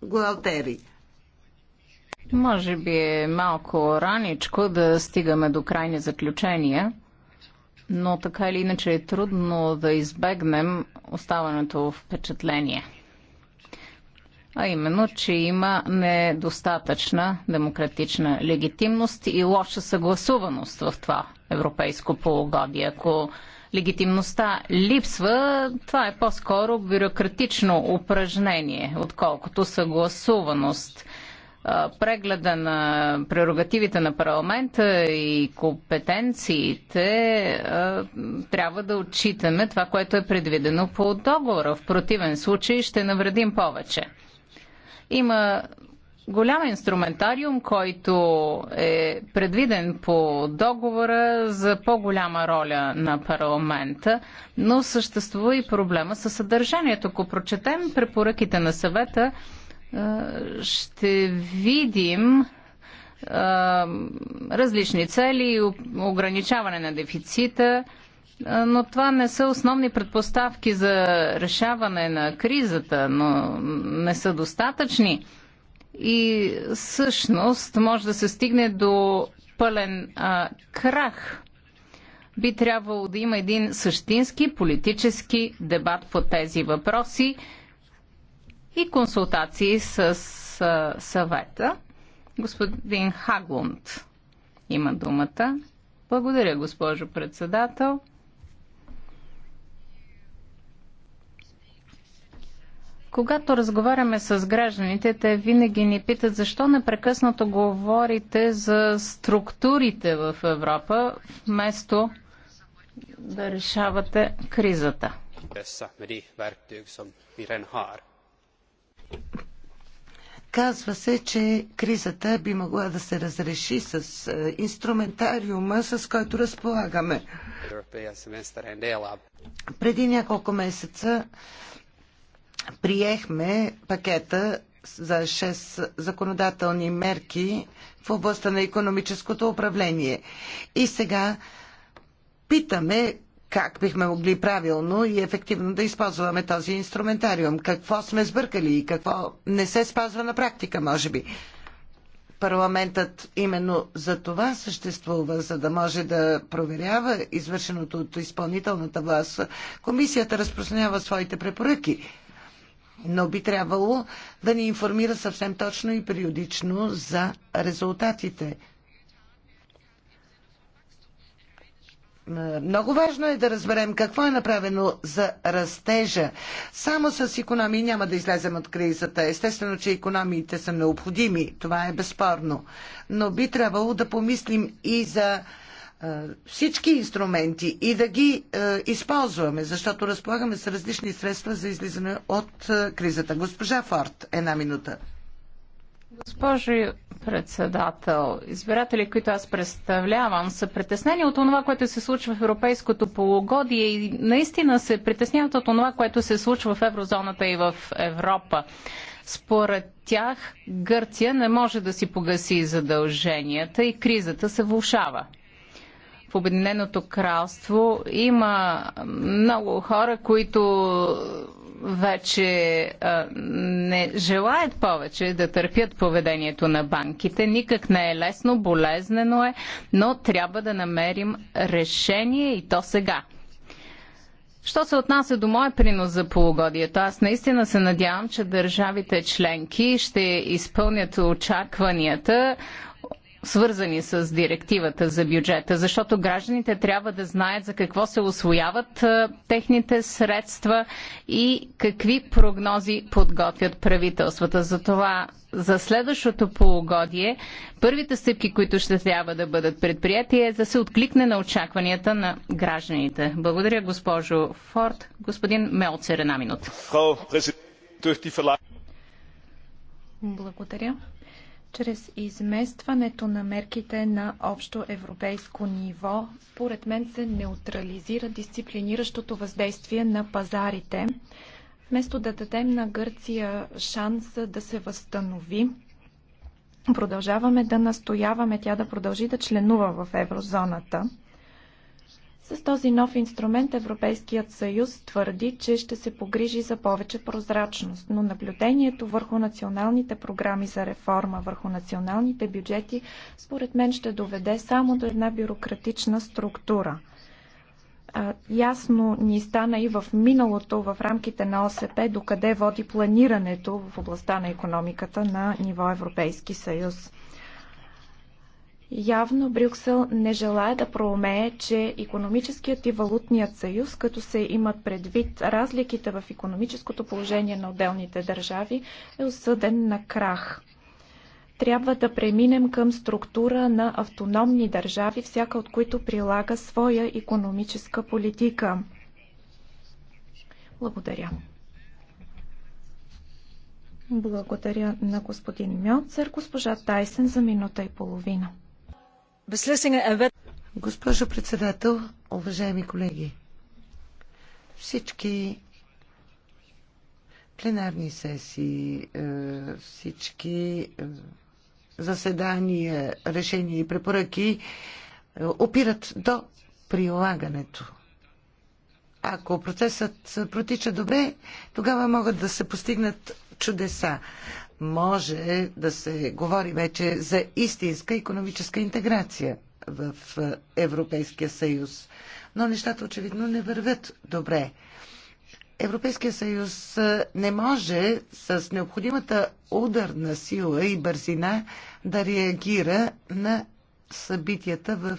Гуалтери. Може би е малко раничко да стигаме до крайни заключения, но така или иначе е трудно да избегнем оставането впечатление – а именно, че има недостатъчна демократична легитимност и лоша съгласуваност в това европейско полугодие. Ако легитимността липсва, това е по-скоро бюрократично упражнение, отколкото съгласуваност прегледа на прерогативите на парламента и компетенциите трябва да отчитаме това, което е предвидено по договора. В противен случай ще навредим повече. Има голям инструментариум, който е предвиден по договора за по-голяма роля на парламента, но съществува и проблема със съдържанието. Ако прочетем препоръките на съвета, ще видим различни цели, ограничаване на дефицита, но това не са основни предпоставки за решаване на кризата, но не са достатъчни. И всъщност може да се стигне до пълен а, крах. Би трябвало да има един същински политически дебат по тези въпроси и консултации с а, съвета. Господин Хаглунд има думата. Благодаря, госпожо председател. Когато разговаряме с гражданите, те винаги ни питат защо непрекъснато говорите за структурите в Европа, вместо да решавате кризата. Казва се, че кризата би могла да се разреши с е, инструментариума, с който разполагаме. Е Преди няколко месеца приехме пакета за 6 законодателни мерки в областта на економическото управление. И сега питаме как бихме могли правилно и ефективно да използваме този инструментариум. Какво сме сбъркали и какво не се спазва на практика, може би. Парламентът именно за това съществува, за да може да проверява извършеното от изпълнителната власт. Комисията разпространява своите препоръки но би трябвало да ни информира съвсем точно и периодично за резултатите. Много важно е да разберем какво е направено за растежа. Само с економии няма да излезем от кризата. Естествено, че економиите са необходими, това е безспорно. Но би трябвало да помислим и за е, всички инструменти и да ги е, използваме, защото разполагаме с различни средства за излизане от е, кризата. Госпожа Форд, една минута. Госпожи председател, избиратели, които аз представлявам, са притеснени от това, което се случва в европейското полугодие и наистина се притесняват от това, което се случва в еврозоната и в Европа. Според тях Гърция не може да си погаси задълженията и кризата се влушава. Обединеното кралство има много хора, които вече а, не желаят повече да търпят поведението на банките. Никак не е лесно, болезнено е, но трябва да намерим решение и то сега. Що се отнася до моя принос за полугодието, аз наистина се надявам, че държавите членки ще изпълнят очакванията свързани с директивата за бюджета, защото гражданите трябва да знаят за какво се освояват техните средства и какви прогнози подготвят правителствата. Затова за следващото полугодие първите стъпки, които ще трябва да бъдат предприяти е да се откликне на очакванията на гражданите. Благодаря, госпожо Форд. Господин Мелцер, една минута. Благодаря чрез изместването на мерките на общо европейско ниво, според мен се неутрализира дисциплиниращото въздействие на пазарите. Вместо да дадем на Гърция шанс да се възстанови, продължаваме да настояваме тя да продължи да членува в еврозоната. С този нов инструмент Европейският съюз твърди, че ще се погрижи за повече прозрачност, но наблюдението върху националните програми за реформа, върху националните бюджети, според мен ще доведе само до една бюрократична структура ясно ни стана и в миналото, в рамките на ОСП, докъде води планирането в областта на економиката на ниво Европейски съюз. Явно Брюксел не желая да проумее, че економическият и валутният съюз, като се имат предвид разликите в економическото положение на отделните държави, е осъден на крах. Трябва да преминем към структура на автономни държави, всяка от които прилага своя економическа политика. Благодаря. Благодаря на господин Мьоцер, госпожа Тайсен за минута и половина. Госпожо председател, уважаеми колеги, всички пленарни сесии, е, всички е, заседания, решения и препоръки е, опират до прилагането. Ако процесът протича добре, тогава могат да се постигнат чудеса може да се говори вече за истинска економическа интеграция в е, Европейския съюз. Но нещата очевидно не вървят добре. Европейския съюз е, не може с необходимата ударна сила и бързина да реагира на събитията в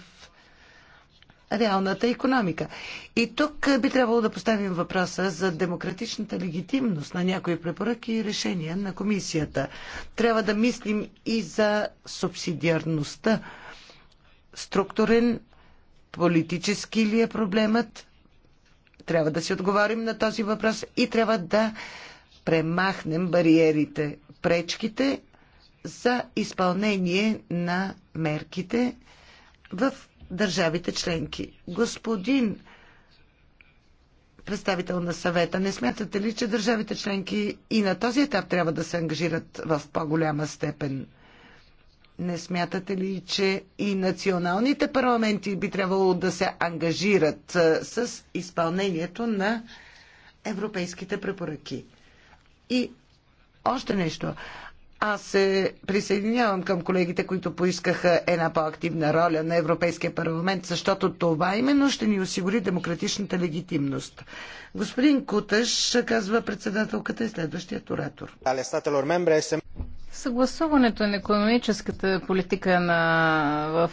реалната економика. И тук е, би трябвало да поставим въпроса за демократичната легитимност на някои препоръки и решения на комисията. Трябва да мислим и за субсидиарността. Структурен, политически ли е проблемът? Трябва да си отговорим на този въпрос и трябва да премахнем бариерите, пречките за изпълнение на мерките в държавите членки. Господин представител на съвета, не смятате ли, че държавите членки и на този етап трябва да се ангажират в по-голяма степен? Не смятате ли, че и националните парламенти би трябвало да се ангажират с изпълнението на европейските препоръки? И още нещо. Аз се присъединявам към колегите, които поискаха една по-активна роля на Европейския парламент, защото това именно ще ни осигури демократичната легитимност. Господин Куташ, казва председателката и следващият оратор. Съгласуването на економическата политика на, в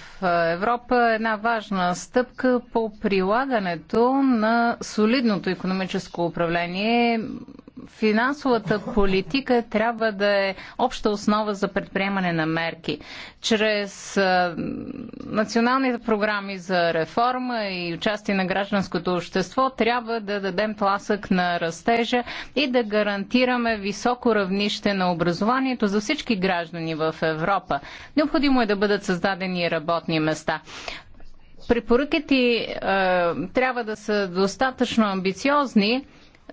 Европа е една важна стъпка по прилагането на солидното економическо управление финансовата политика трябва да е обща основа за предприемане на мерки. Чрез националните програми за реформа и участие на гражданското общество трябва да дадем тласък на растежа и да гарантираме високо равнище на образованието за всички граждани в Европа. Необходимо е да бъдат създадени работни места. Препоръките е, трябва да са достатъчно амбициозни,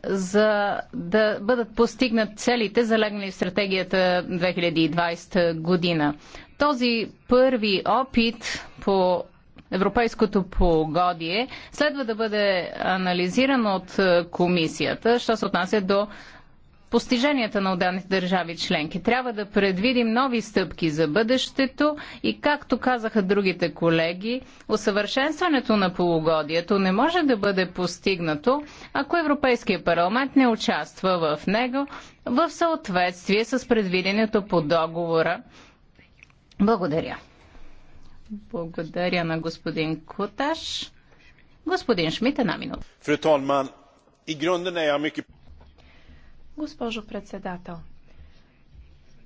за да бъдат постигнат целите, залегнали в стратегията 2020 година. Този първи опит по европейското погодие следва да бъде анализиран от е, комисията, що се отнася до постиженията на отделните държави членки. Трябва да предвидим нови стъпки за бъдещето и, както казаха другите колеги, усъвършенстването на полугодието не може да бъде постигнато, ако Европейския парламент не участва в него в съответствие с предвиденето по договора. Благодаря. Благодаря на господин Куташ. Господин Шмит, една минута. Fru и грунден е är ами jag Госпожо председател,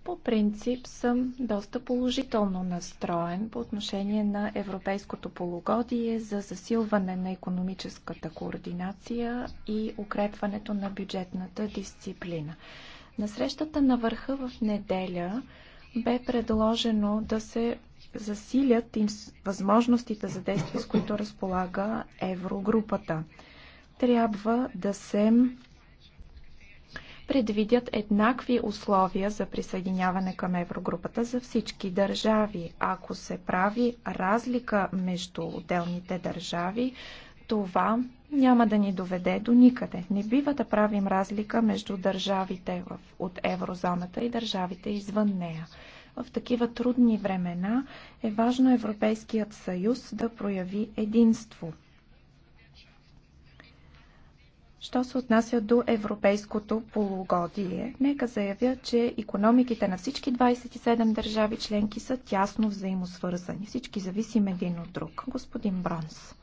по принцип съм доста положително настроен по отношение на европейското полугодие за засилване на економическата координация и укрепването на бюджетната дисциплина. На срещата на върха в неделя бе предложено да се засилят им възможностите за действие, с които разполага еврогрупата. Трябва да се предвидят еднакви условия за присъединяване към еврогрупата за всички държави. Ако се прави разлика между отделните държави, това няма да ни доведе до никъде. Не бива да правим разлика между държавите от еврозоната и държавите извън нея. В такива трудни времена е важно Европейският съюз да прояви единство. Що се отнася до европейското полугодие, нека заявя, че економиките на всички 27 държави членки са тясно взаимосвързани. Всички зависим един от друг. Господин Бронс.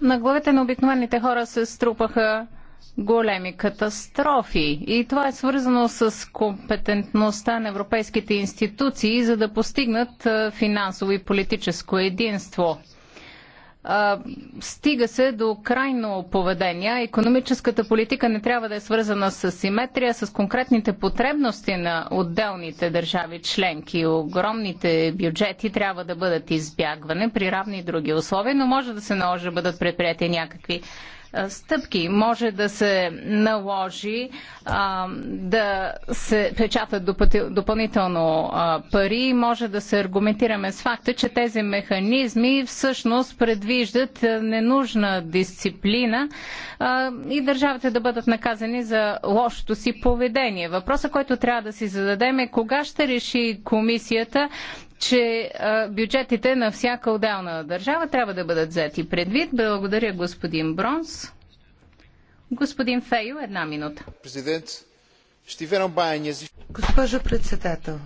На главите на обикновените хора се струпаха големи катастрофи. И това е свързано с компетентността на европейските институции, за да постигнат финансово и политическо единство стига се до крайно поведение. Економическата политика не трябва да е свързана с симетрия, с конкретните потребности на отделните държави членки. Огромните бюджети трябва да бъдат избягване при равни други условия, но може да се наложи да бъдат предприяти някакви стъпки. Може да се наложи а, да се печатат допълнително а, пари. Може да се аргументираме с факта, че тези механизми всъщност предвиждат ненужна дисциплина а, и държавите да бъдат наказани за лошото си поведение. Въпросът, който трябва да си зададем е кога ще реши комисията че бюджетите на всяка отделна държава трябва да бъдат взети предвид. Благодаря господин Бронс. Господин Фейо, една минута. Госпожо председател,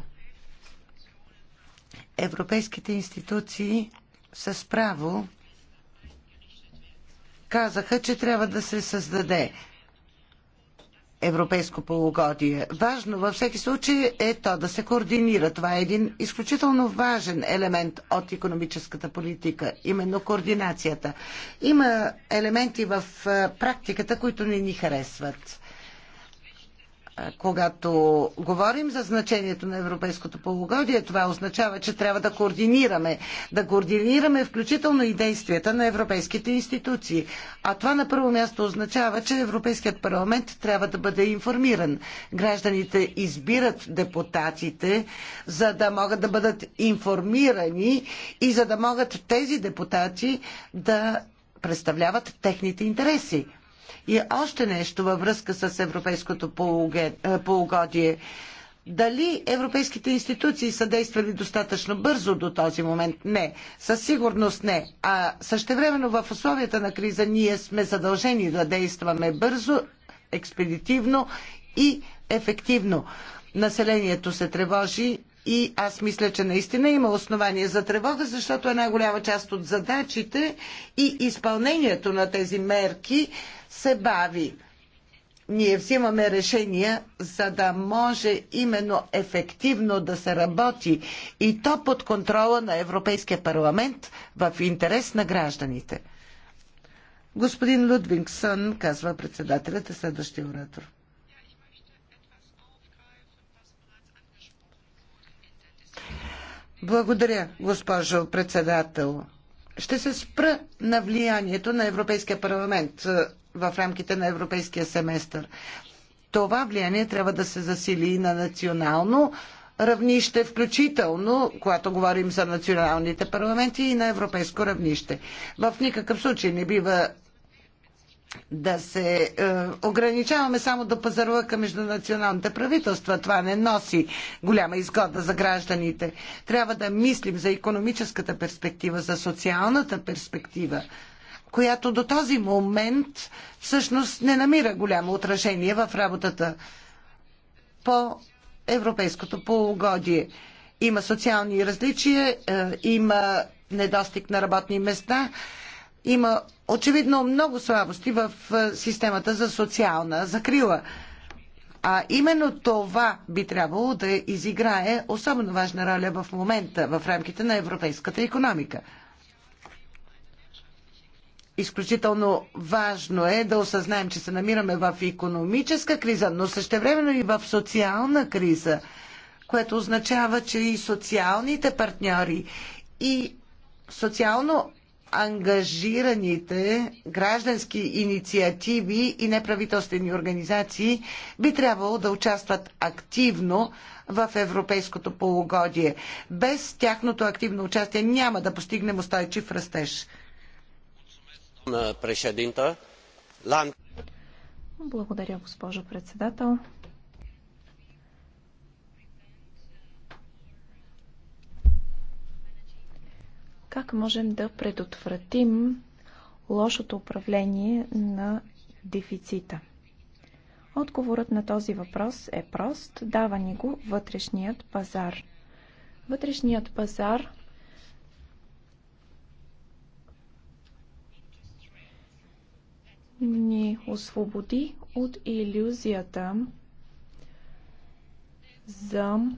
европейските институции с право казаха, че трябва да се създаде европейско полугодие. Важно във всеки случай е то да се координира. Това е един изключително важен елемент от економическата политика, именно координацията. Има елементи в практиката, които не ни харесват. Когато говорим за значението на европейското полугодие, това означава, че трябва да координираме. Да координираме включително и действията на европейските институции. А това на първо място означава, че Европейският парламент трябва да бъде информиран. Гражданите избират депутатите, за да могат да бъдат информирани и за да могат тези депутати да представляват техните интереси. И още нещо във връзка с европейското е, полугодие. Дали европейските институции са действали достатъчно бързо до този момент? Не. Със сигурност не. А същевременно в условията на криза ние сме задължени да действаме бързо, експедитивно и ефективно. Населението се тревожи, и аз мисля, че наистина има основание за тревога, защото една голяма част от задачите и изпълнението на тези мерки се бави. Ние взимаме решения, за да може именно ефективно да се работи и то под контрола на Европейския парламент в интерес на гражданите. Господин Людвингсън, казва председателят, е следващия оратор. Благодаря, госпожо председател. Ще се спра на влиянието на Европейския парламент е, в рамките на Европейския семестър. Това влияние трябва да се засили и на национално равнище, включително, когато говорим за националните парламенти и на европейско равнище. В никакъв случай не бива да се е, ограничаваме само до пазарлъка между националните правителства. Това не носи голяма изгода за гражданите. Трябва да мислим за економическата перспектива, за социалната перспектива, която до този момент всъщност не намира голямо отражение в работата по европейското полугодие. Има социални различия, е, има недостиг на работни места. Има очевидно много слабости в е, системата за социална закрила. А именно това би трябвало да изиграе особено важна роля в момента в рамките на европейската економика. Изключително важно е да осъзнаем, че се намираме в економическа криза, но същевременно и в социална криза, което означава, че и социалните партньори и социално ангажираните граждански инициативи и неправителствени организации би трябвало да участват активно в европейското полугодие. Без тяхното активно участие няма да постигнем устойчив растеж. Благодаря, госпожо председател. Как можем да предотвратим лошото управление на дефицита? Отговорът на този въпрос е прост. Дава ни го вътрешният пазар. Вътрешният пазар ни освободи от иллюзията за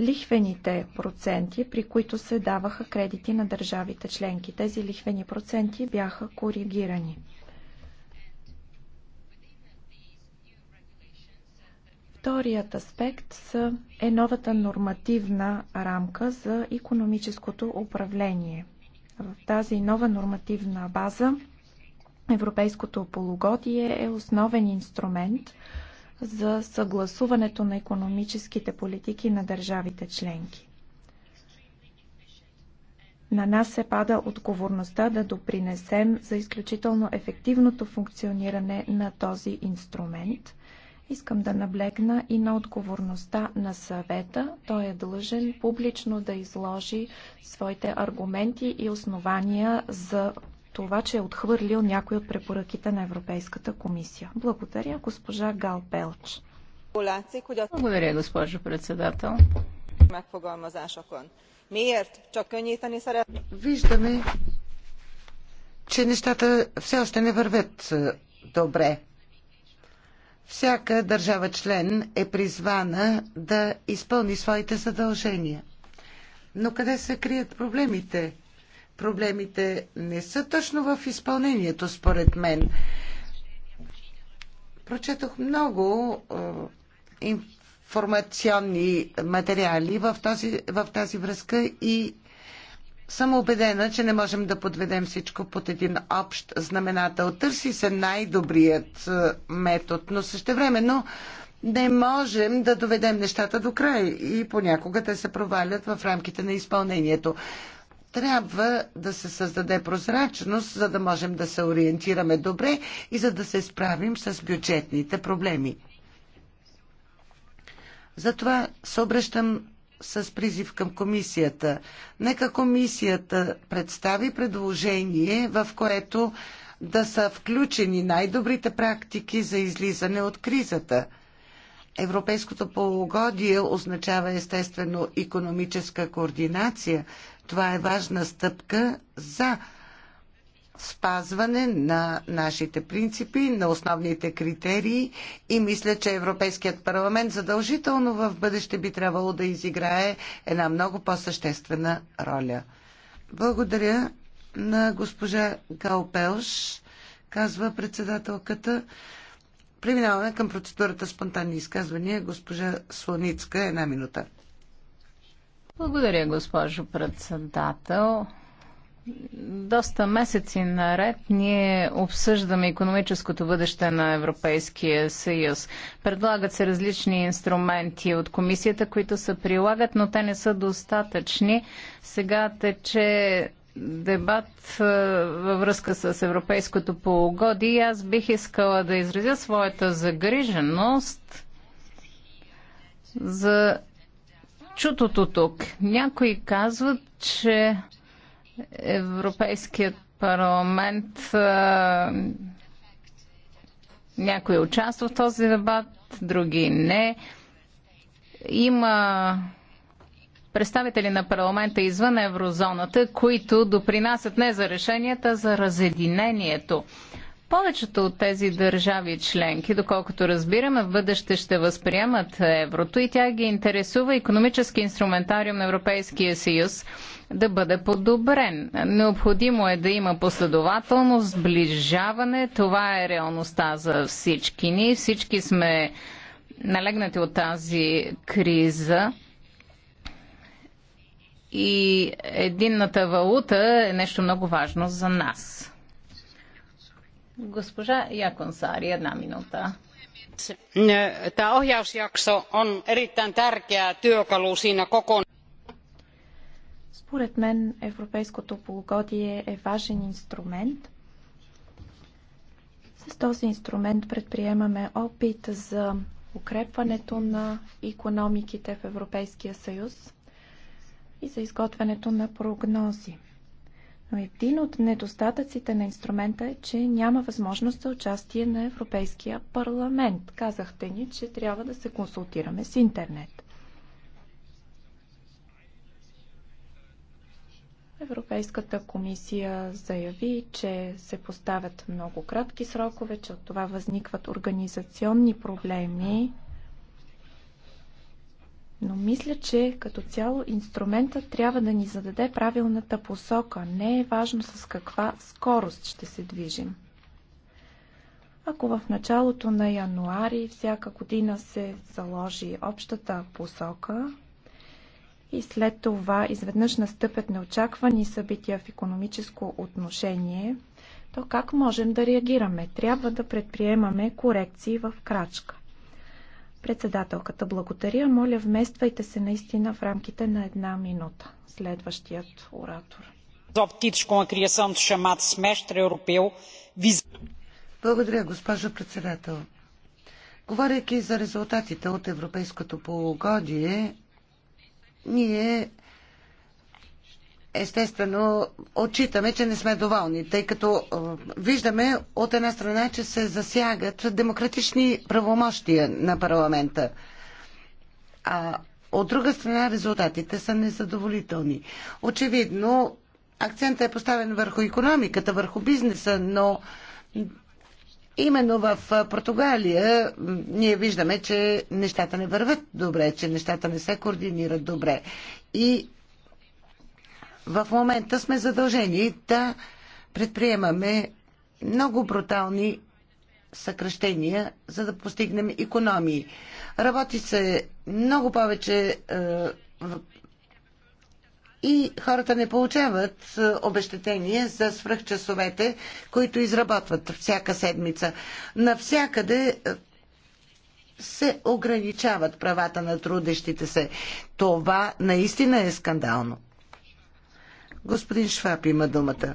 лихвените проценти, при които се даваха кредити на държавите членки. Тези лихвени проценти бяха коригирани. Вторият аспект е новата нормативна рамка за економическото управление. В тази нова нормативна база Европейското полугодие е основен инструмент, за съгласуването на економическите политики на държавите членки. На нас се пада отговорността да допринесем за изключително ефективното функциониране на този инструмент. Искам да наблегна и на отговорността на съвета. Той е длъжен публично да изложи своите аргументи и основания за това, че е отхвърлил някои от препоръките на Европейската комисия. Благодаря, госпожа Гал Пелч. Благодаря, госпожо председател. Виждаме, че нещата все още не вървят е, добре. Всяка държава член е призвана да изпълни своите задължения. Но къде се крият проблемите? проблемите не са точно в изпълнението, според мен. Прочетох много информационни материали в тази, в тази връзка и съм убедена, че не можем да подведем всичко под един общ знаменател. Търси се най-добрият метод, но същевременно не можем да доведем нещата до край и понякога те се провалят в рамките на изпълнението трябва да се създаде прозрачност, за да можем да се ориентираме добре и за да се справим с бюджетните проблеми. Затова се обръщам с призив към комисията. Нека комисията представи предложение, в което да са включени най-добрите практики за излизане от кризата. Европейското полугодие означава естествено економическа координация, това е важна стъпка за спазване на нашите принципи, на основните критерии и мисля, че Европейският парламент задължително в бъдеще би трябвало да изиграе една много по-съществена роля. Благодаря на госпожа Галпелш, казва председателката. Преминаваме към процедурата спонтанни изказвания. Госпожа Слоницка, една минута. Благодаря, госпожо председател. Доста месеци наред ние обсъждаме економическото бъдеще на Европейския съюз. Предлагат се различни инструменти от комисията, които се прилагат, но те не са достатъчни. Сега тече дебат е, във връзка с европейското полугодие и аз бих искала да изразя своята загриженост за чутото тук. Някои казват, че Европейският парламент някой участва в този дебат, други не. Има представители на парламента извън еврозоната, които допринасят не за решенията, а за разединението. Повечето от тези държави членки, доколкото разбираме, в бъдеще ще възприемат еврото и тя ги интересува економически инструментариум на Европейския съюз да бъде подобрен. Необходимо е да има последователност, сближаване. Това е реалността за всички. Ние всички сме налегнати от тази криза и единната валута е нещо много важно за нас. Госпожа Яконсари, една минута. Tämä е, ohjausjakso on erittäin tärkeä työkalu siinä Според мен европейското полугодие е важен инструмент. С този инструмент предприемаме опит за укрепването на економиките в Европейския съюз и за изготвянето на прогнози. Но един от недостатъците на инструмента е, че няма възможност за участие на Европейския парламент. Казахте ни, че трябва да се консултираме с интернет. Европейската комисия заяви, че се поставят много кратки срокове, че от това възникват организационни проблеми но мисля, че като цяло инструментът трябва да ни зададе правилната посока. Не е важно с каква скорост ще се движим. Ако в началото на януари всяка година се заложи общата посока и след това изведнъж настъпят неочаквани събития в економическо отношение, то как можем да реагираме? Трябва да предприемаме корекции в крачка. Председателката благодаря. Моля, вмествайте се наистина в рамките на една минута. Следващият оратор. Благодаря, госпожо председател. Говорейки за резултатите от европейското полугодие, ние естествено отчитаме, че не сме доволни, тъй като виждаме от една страна, че се засягат демократични правомощия на парламента. А от друга страна резултатите са незадоволителни. Очевидно, акцентът е поставен върху економиката, върху бизнеса, но Именно в Португалия ние виждаме, че нещата не върват добре, че нещата не се координират добре. И в момента сме задължени да предприемаме много брутални съкръщения, за да постигнем економии. Работи се много повече е, и хората не получават е, обещетение за свръхчасовете, които изработват всяка седмица. Навсякъде е, се ограничават правата на трудещите се. Това наистина е скандално. Господин Шваб има думата.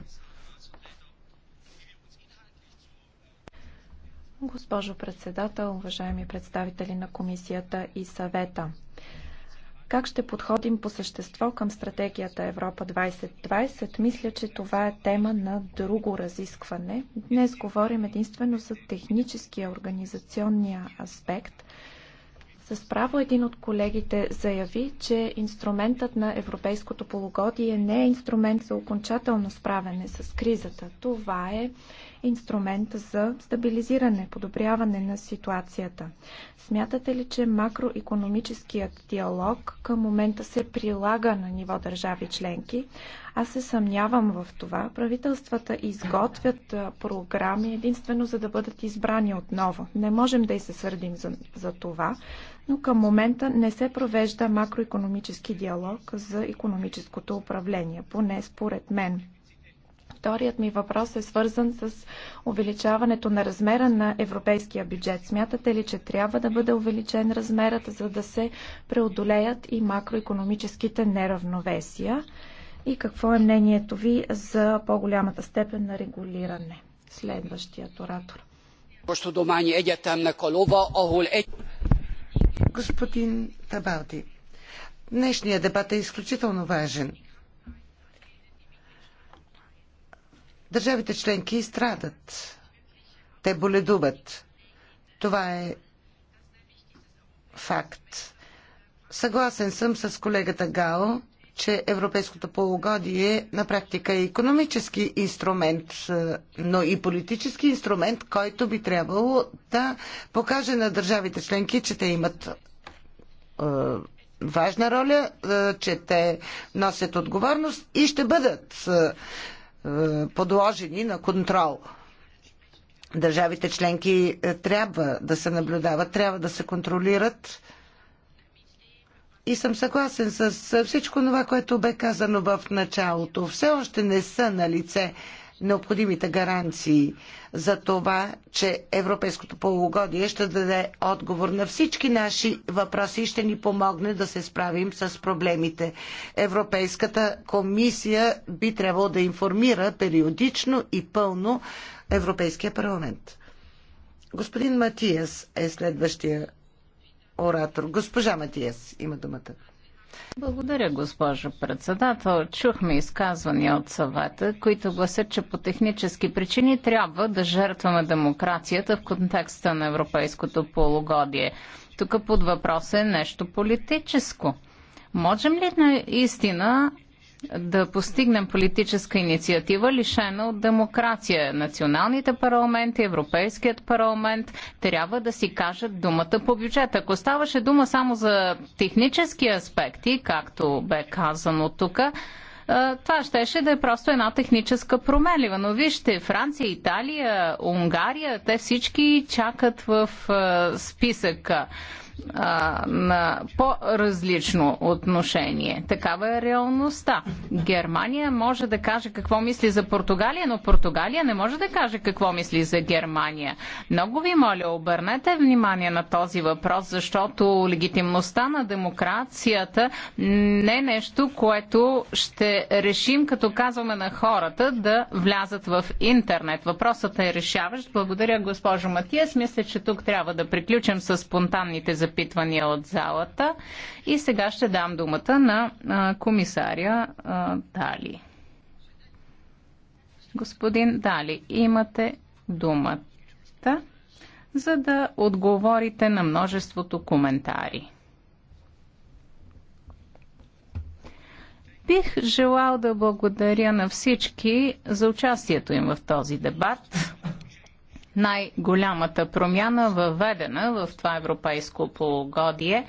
Госпожо председател, уважаеми представители на комисията и съвета. Как ще подходим по същество към стратегията Европа 2020? Мисля, че това е тема на друго разискване. Днес говорим единствено за техническия, организационния аспект – с право един от колегите заяви, че инструментът на европейското полугодие не е инструмент за окончателно справяне с кризата. Това е инструмент за стабилизиране, подобряване на ситуацията. Смятате ли, че макроекономическият диалог към момента се прилага на ниво държави членки? Аз се съмнявам в това. Правителствата изготвят програми единствено за да бъдат избрани отново. Не можем да и се сърдим за, за това но към момента не се провежда макроекономически диалог за економическото управление, поне според мен. Вторият ми въпрос е свързан с увеличаването на размера на европейския бюджет. Смятате ли, че трябва да бъде увеличен размерът, за да се преодолеят и макроекономическите неравновесия? И какво е мнението ви за по-голямата степен на регулиране? Следващият оратор. Господин Табалди, днешният дебат е изключително важен. Държавите членки страдат. Те боледуват. Това е факт. Съгласен съм с колегата Гао, че европейското полугодие на практика е економически инструмент, е, но и политически инструмент, който би трябвало да покаже на държавите членки, че те имат е, важна роля, е, че те носят отговорност и ще бъдат подложени на контрол. Държавите членки трябва да се наблюдават, трябва да се контролират и съм съгласен с всичко това, което бе казано в началото. Все още не са на лице необходимите гаранции за това, че европейското полугодие ще даде отговор на всички наши въпроси и ще ни помогне да се справим с проблемите. Европейската комисия би трябвало да информира периодично и пълно Европейския парламент. Господин Матиас е следващия оратор. Госпожа Матиес, има думата. Благодаря, госпожо председател. Чухме изказвания от съвета, които гласят, че по технически причини трябва да жертваме демокрацията в контекста на европейското полугодие. Тук под въпрос е нещо политическо. Можем ли наистина да постигнем политическа инициатива, лишена от демокрация. Националните парламенти, Европейският парламент трябва да си кажат думата по бюджета. Ако ставаше дума само за технически аспекти, както бе казано тук, това щеше да е просто една техническа промелива. Но вижте, Франция, Италия, Унгария, те всички чакат в списъка а, на по-различно отношение. Такава е реалността. Германия може да каже какво мисли за Португалия, но Португалия не може да каже какво мисли за Германия. Много ви моля, обърнете внимание на този въпрос, защото легитимността на демокрацията не е нещо, което ще решим, като казваме на хората да влязат в интернет. Въпросът е решаващ. Благодаря, госпожо Матиас. Мисля, че тук трябва да приключим с спонтанните запитания запитвания от залата. И сега ще дам думата на комисаря Дали. Господин Дали, имате думата, за да отговорите на множеството коментари. Бих желал да благодаря на всички за участието им в този дебат най-голямата промяна въведена в това европейско полугодие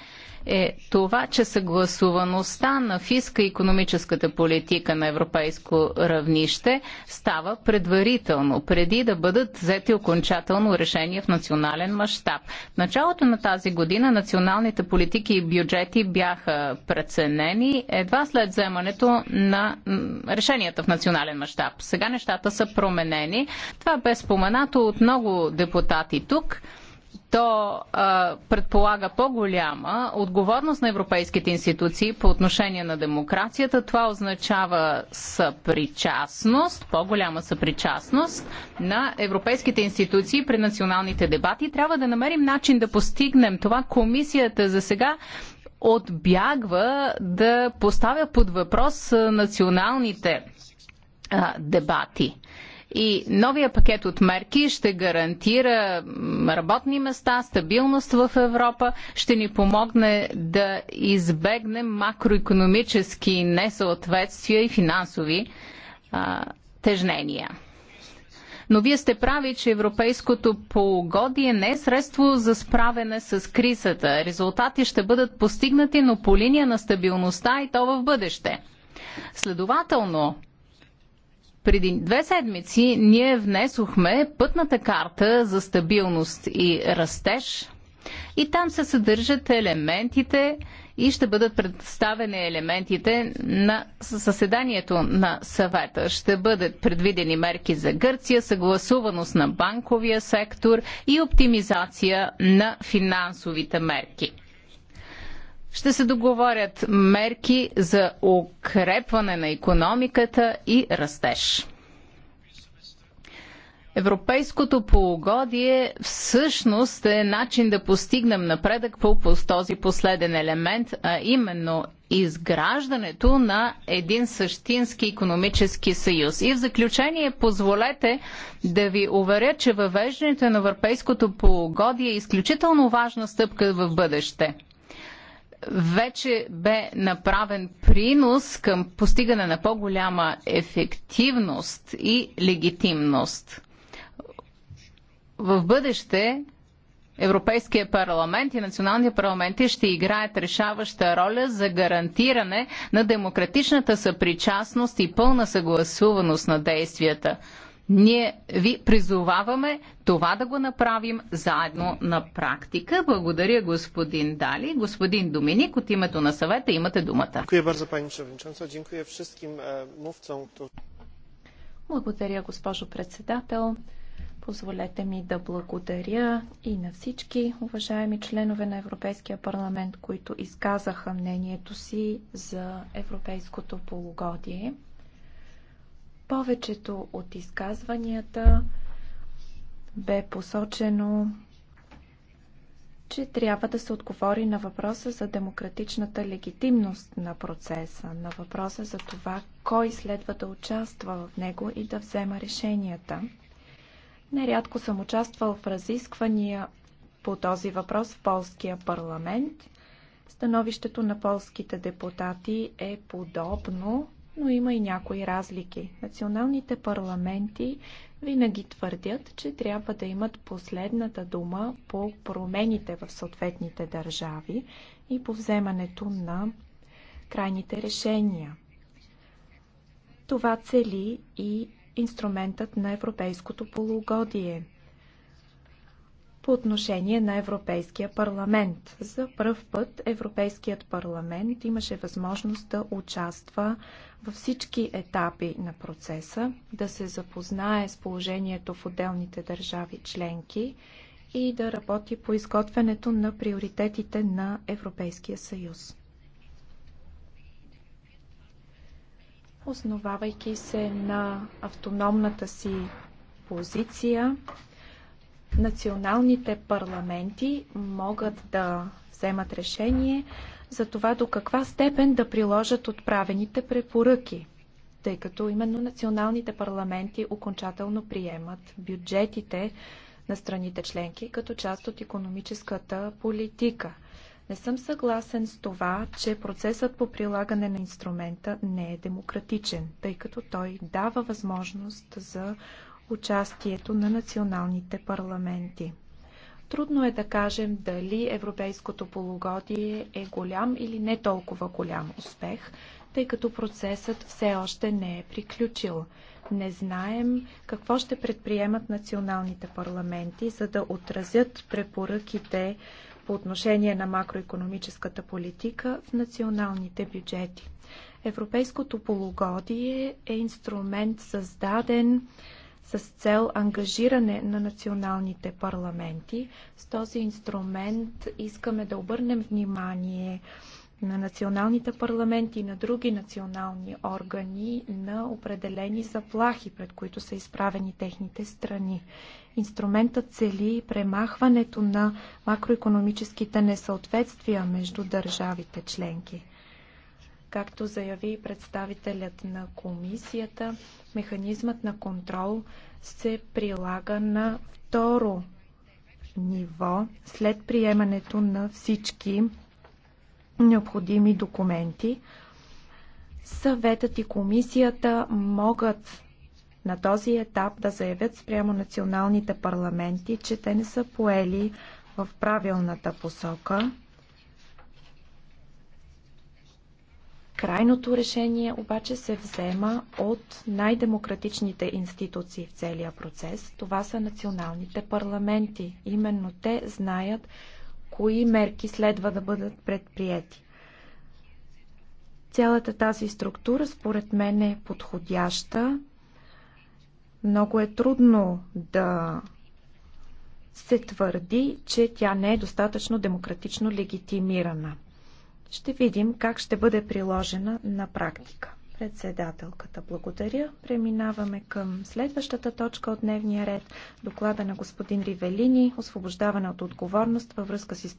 е това, че съгласуваността на фиска и економическата политика на европейско равнище става предварително, преди да бъдат взети окончателно решения в национален мащаб. В началото на тази година националните политики и бюджети бяха преценени едва след вземането на решенията в национален мащаб. Сега нещата са променени. Това бе споменато от много депутати тук то а, предполага по-голяма отговорност на европейските институции по отношение на демокрацията. Това означава съпричастност, по-голяма съпричастност на европейските институции при националните дебати. Трябва да намерим начин да постигнем това. Комисията за сега отбягва да поставя под въпрос националните а, дебати. И новия пакет от мерки ще гарантира работни места, стабилност в Европа, ще ни помогне да избегнем макроекономически несъответствия и финансови а, тежнения. Но вие сте прави, че европейското полугодие не е средство за справене с кризата. Резултати ще бъдат постигнати, но по линия на стабилността и то в бъдеще. Следователно, преди две седмици ние внесохме пътната карта за стабилност и растеж и там се съдържат елементите и ще бъдат представени елементите на съседанието на съвета. Ще бъдат предвидени мерки за Гърция, съгласуваност на банковия сектор и оптимизация на финансовите мерки ще се договорят мерки за укрепване на економиката и растеж. Европейското полугодие всъщност е начин да постигнем напредък по, този последен елемент, а именно изграждането на един същински економически съюз. И в заключение позволете да ви уверя, че въвеждането на европейското полугодие е изключително важна стъпка в бъдеще вече бе направен принос към постигане на по-голяма ефективност и легитимност. В бъдеще Европейския парламент и националния парламенти ще играят решаваща роля за гарантиране на демократичната съпричастност и пълна съгласуваност на действията. Ние ви призоваваме това да го направим заедно на практика. Благодаря господин Дали. Господин Доминик, от името на съвета имате думата. E, благодаря, госпожо председател. Позволете ми да благодаря и на всички уважаеми членове на Европейския парламент, които изказаха мнението си за европейското полугодие повечето от изказванията бе посочено, че трябва да се отговори на въпроса за демократичната легитимност на процеса, на въпроса за това кой следва да участва в него и да взема решенията. Нерядко съм участвал в разисквания по този въпрос в полския парламент. Становището на полските депутати е подобно но има и някои разлики. Националните парламенти винаги твърдят, че трябва да имат последната дума по промените в съответните държави и по вземането на крайните решения. Това цели и инструментът на европейското полугодие по отношение на Европейския парламент. За първ път Европейският парламент имаше възможност да участва във всички етапи на процеса, да се запознае с положението в отделните държави членки и да работи по изготвянето на приоритетите на Европейския съюз. Основавайки се на автономната си позиция, националните парламенти могат да вземат решение за това до каква степен да приложат отправените препоръки, тъй като именно националните парламенти окончателно приемат бюджетите на страните членки като част от економическата политика. Не съм съгласен с това, че процесът по прилагане на инструмента не е демократичен, тъй като той дава възможност за участието на националните парламенти. Трудно е да кажем дали европейското полугодие е голям или не толкова голям успех, тъй като процесът все още не е приключил. Не знаем какво ще предприемат националните парламенти, за да отразят препоръките по отношение на макроекономическата политика в националните бюджети. Европейското полугодие е инструмент създаден с цел ангажиране на националните парламенти. С този инструмент искаме да обърнем внимание на националните парламенти и на други национални органи на определени заплахи, пред които са изправени техните страни. Инструментът цели премахването на макроекономическите несъответствия между държавите членки. Както заяви представителят на комисията, механизмът на контрол се прилага на второ ниво след приемането на всички необходими документи. Съветът и комисията могат на този етап да заявят спрямо националните парламенти, че те не са поели в правилната посока Крайното решение обаче се взема от най-демократичните институции в целия процес. Това са националните парламенти. Именно те знаят кои мерки следва да бъдат предприяти. Цялата тази структура според мен е подходяща. Много е трудно да се твърди, че тя не е достатъчно демократично легитимирана. Ще видим как ще бъде приложена на практика. Председателката благодаря. Преминаваме към следващата точка от дневния ред. Доклада на господин Ривелини. Освобождаване от отговорност във връзка с изпълнението